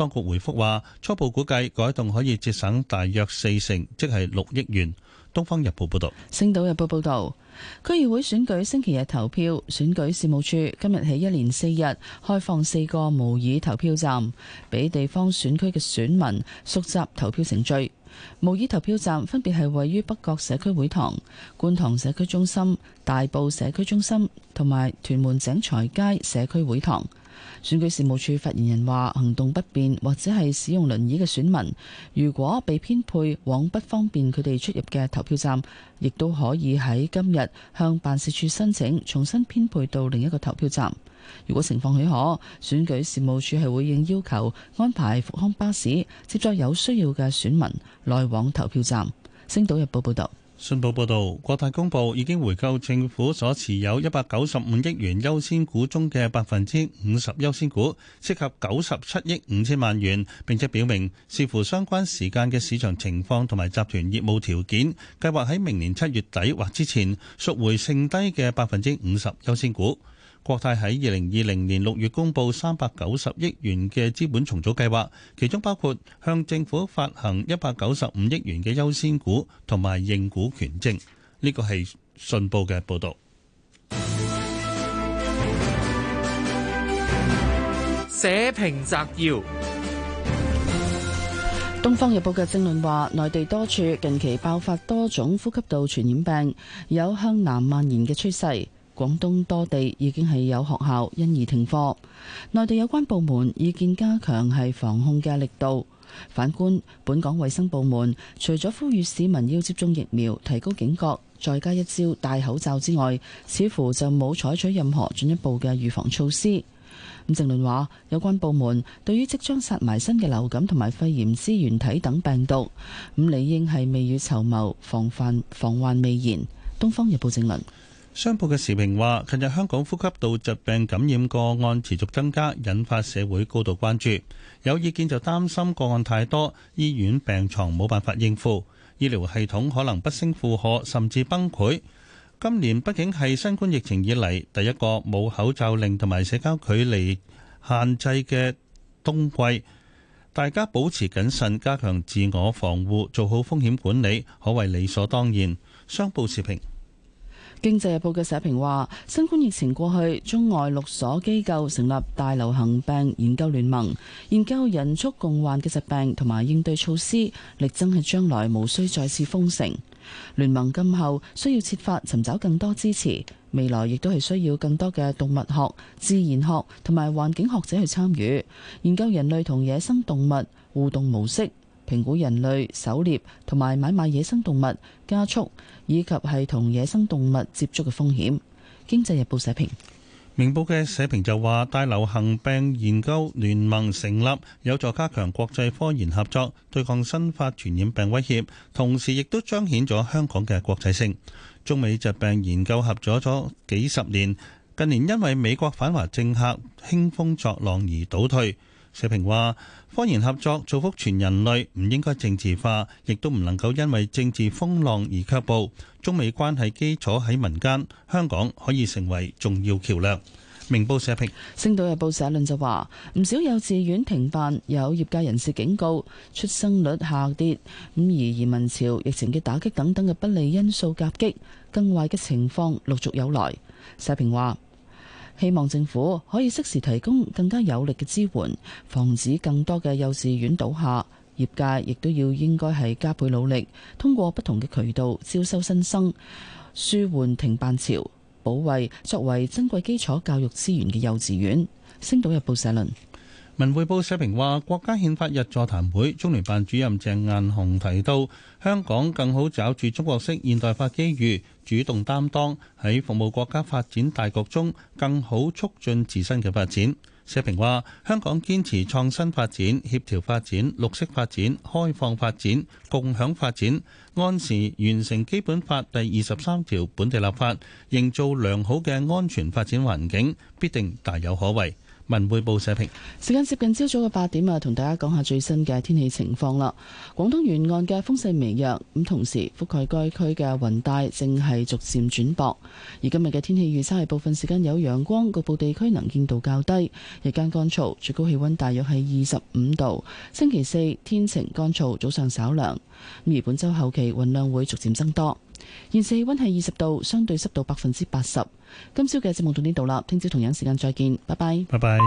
當局回覆話，初步估計改動可以節省大約四成，即係六億元。《東方日報》報道，《星島日報》報道，區議會選舉星期日投票，選舉事務處今日起一連四日開放四個模擬投票站，俾地方選區嘅選民熟習投票程序。模擬投票站分別係位於北角社區會堂、觀塘社區中心、大埔社區中心同埋屯門井財街社區會堂。選舉事務處發言人話：行動不便或者係使用輪椅嘅選民，如果被編配往不方便佢哋出入嘅投票站，亦都可以喺今日向辦事處申請重新編配到另一個投票站。如果情況許可，選舉事務處係會應要求安排復康巴士接載有需要嘅選民來往投票站。星島日報報道。信報報導，國泰公佈已經回購政府所持有一百九十五億元優先股中嘅百分之五十優先股，涉及九十七億五千萬元。並且表明，視乎相關時間嘅市場情況同埋集團業務條件，計劃喺明年七月底或之前贖回剩低嘅百分之五十優先股。國泰喺二零二零年六月公佈三百九十億元嘅資本重組計劃，其中包括向政府發行一百九十五億元嘅優先股同埋認股權證。呢個係信報嘅報道。社評摘要：東方日報嘅正論話，內地多處近期爆發多種呼吸道傳染病，有向南蔓延嘅趨勢。廣東多地已經係有學校因而停課，內地有關部門意見加強係防控嘅力度。反觀本港衛生部門，除咗呼籲市民要接種疫苗、提高警覺、再加一招戴口罩之外，似乎就冇採取任何進一步嘅預防措施。咁正論話，有關部門對於即將殺埋新嘅流感同埋肺炎支原體等病毒，咁理應係未雨綢繆，防範防患未然。東方日報正論。商報嘅時評話，近日香港呼吸道疾病感染個案持續增加，引發社會高度關注。有意見就擔心個案太多，醫院病床冇辦法應付，醫療系統可能不勝負荷，甚至崩潰。今年畢竟係新冠疫情以嚟第一個冇口罩令同埋社交距離限制嘅冬季，大家保持謹慎，加強自我防護，做好風險管理，可謂理所當然。商報時評。經濟日報嘅社評話：新冠疫情過去，中外六所機構成立大流行病研究聯盟，研究人畜共患嘅疾病同埋應對措施，力爭係將來無需再次封城。聯盟今後需要設法尋找更多支持，未來亦都係需要更多嘅動物學、自然學同埋環境學者去參與，研究人類同野生動物互動模式。評估人類狩獵同埋買賣野生動物加速，以及係同野生動物接觸嘅風險。經濟日報社評，明報嘅社評就話：大流行病研究聯盟成立有助加強國際科研合作，對抗新發傳染病威脅，同時亦都彰顯咗香港嘅國際性。中美疾病研究合作咗幾十年，近年因為美國反華政客興風作浪而倒退。社評話：科研合作造福全人類，唔應該政治化，亦都唔能夠因為政治風浪而卻步。中美關係基礎喺民間，香港可以成為重要橋樑。明報社評，星島日報社論就話：唔少幼稚園停辦，有業界人士警告出生率下跌，咁而移，移民潮、疫情嘅打擊等等嘅不利因素夾擊，更壞嘅情況陸續有來。社評話。希望政府可以適時提供更加有力嘅支援，防止更多嘅幼稚園倒下。業界亦都要應該係加倍努力，通過不同嘅渠道招收新生，舒緩停辦潮，保衛作為珍貴基礎教育資源嘅幼稚園。星島日報社論。文匯報社評話，國家憲法日座談會，中聯辦主任鄭雁雄提到，香港更好抓住中國式現代化機遇，主動擔當喺服務國家發展大局中，更好促進自身嘅發展。社評話，香港堅持創新發展、協調發展、綠色發展、開放發展、共享發展，按時完成基本法第二十三條本地立法，營造良好嘅安全發展環境，必定大有可為。文匯報社評。時間接近朝早嘅八點啊，同大家講下最新嘅天氣情況啦。廣東沿岸嘅風勢微弱，咁同時覆蓋該區嘅雲帶正係逐漸轉薄。而今日嘅天氣預測係部分時間有陽光，局部地區能見度較低，日間乾燥，最高氣溫大約係二十五度。星期四天晴乾燥，早上稍涼。咁而本周後期雲量會逐漸增多。現時氣溫係二十度，相對濕度百分之八十。今朝嘅節目到呢度啦，聽朝同樣時間再見，拜拜。拜拜。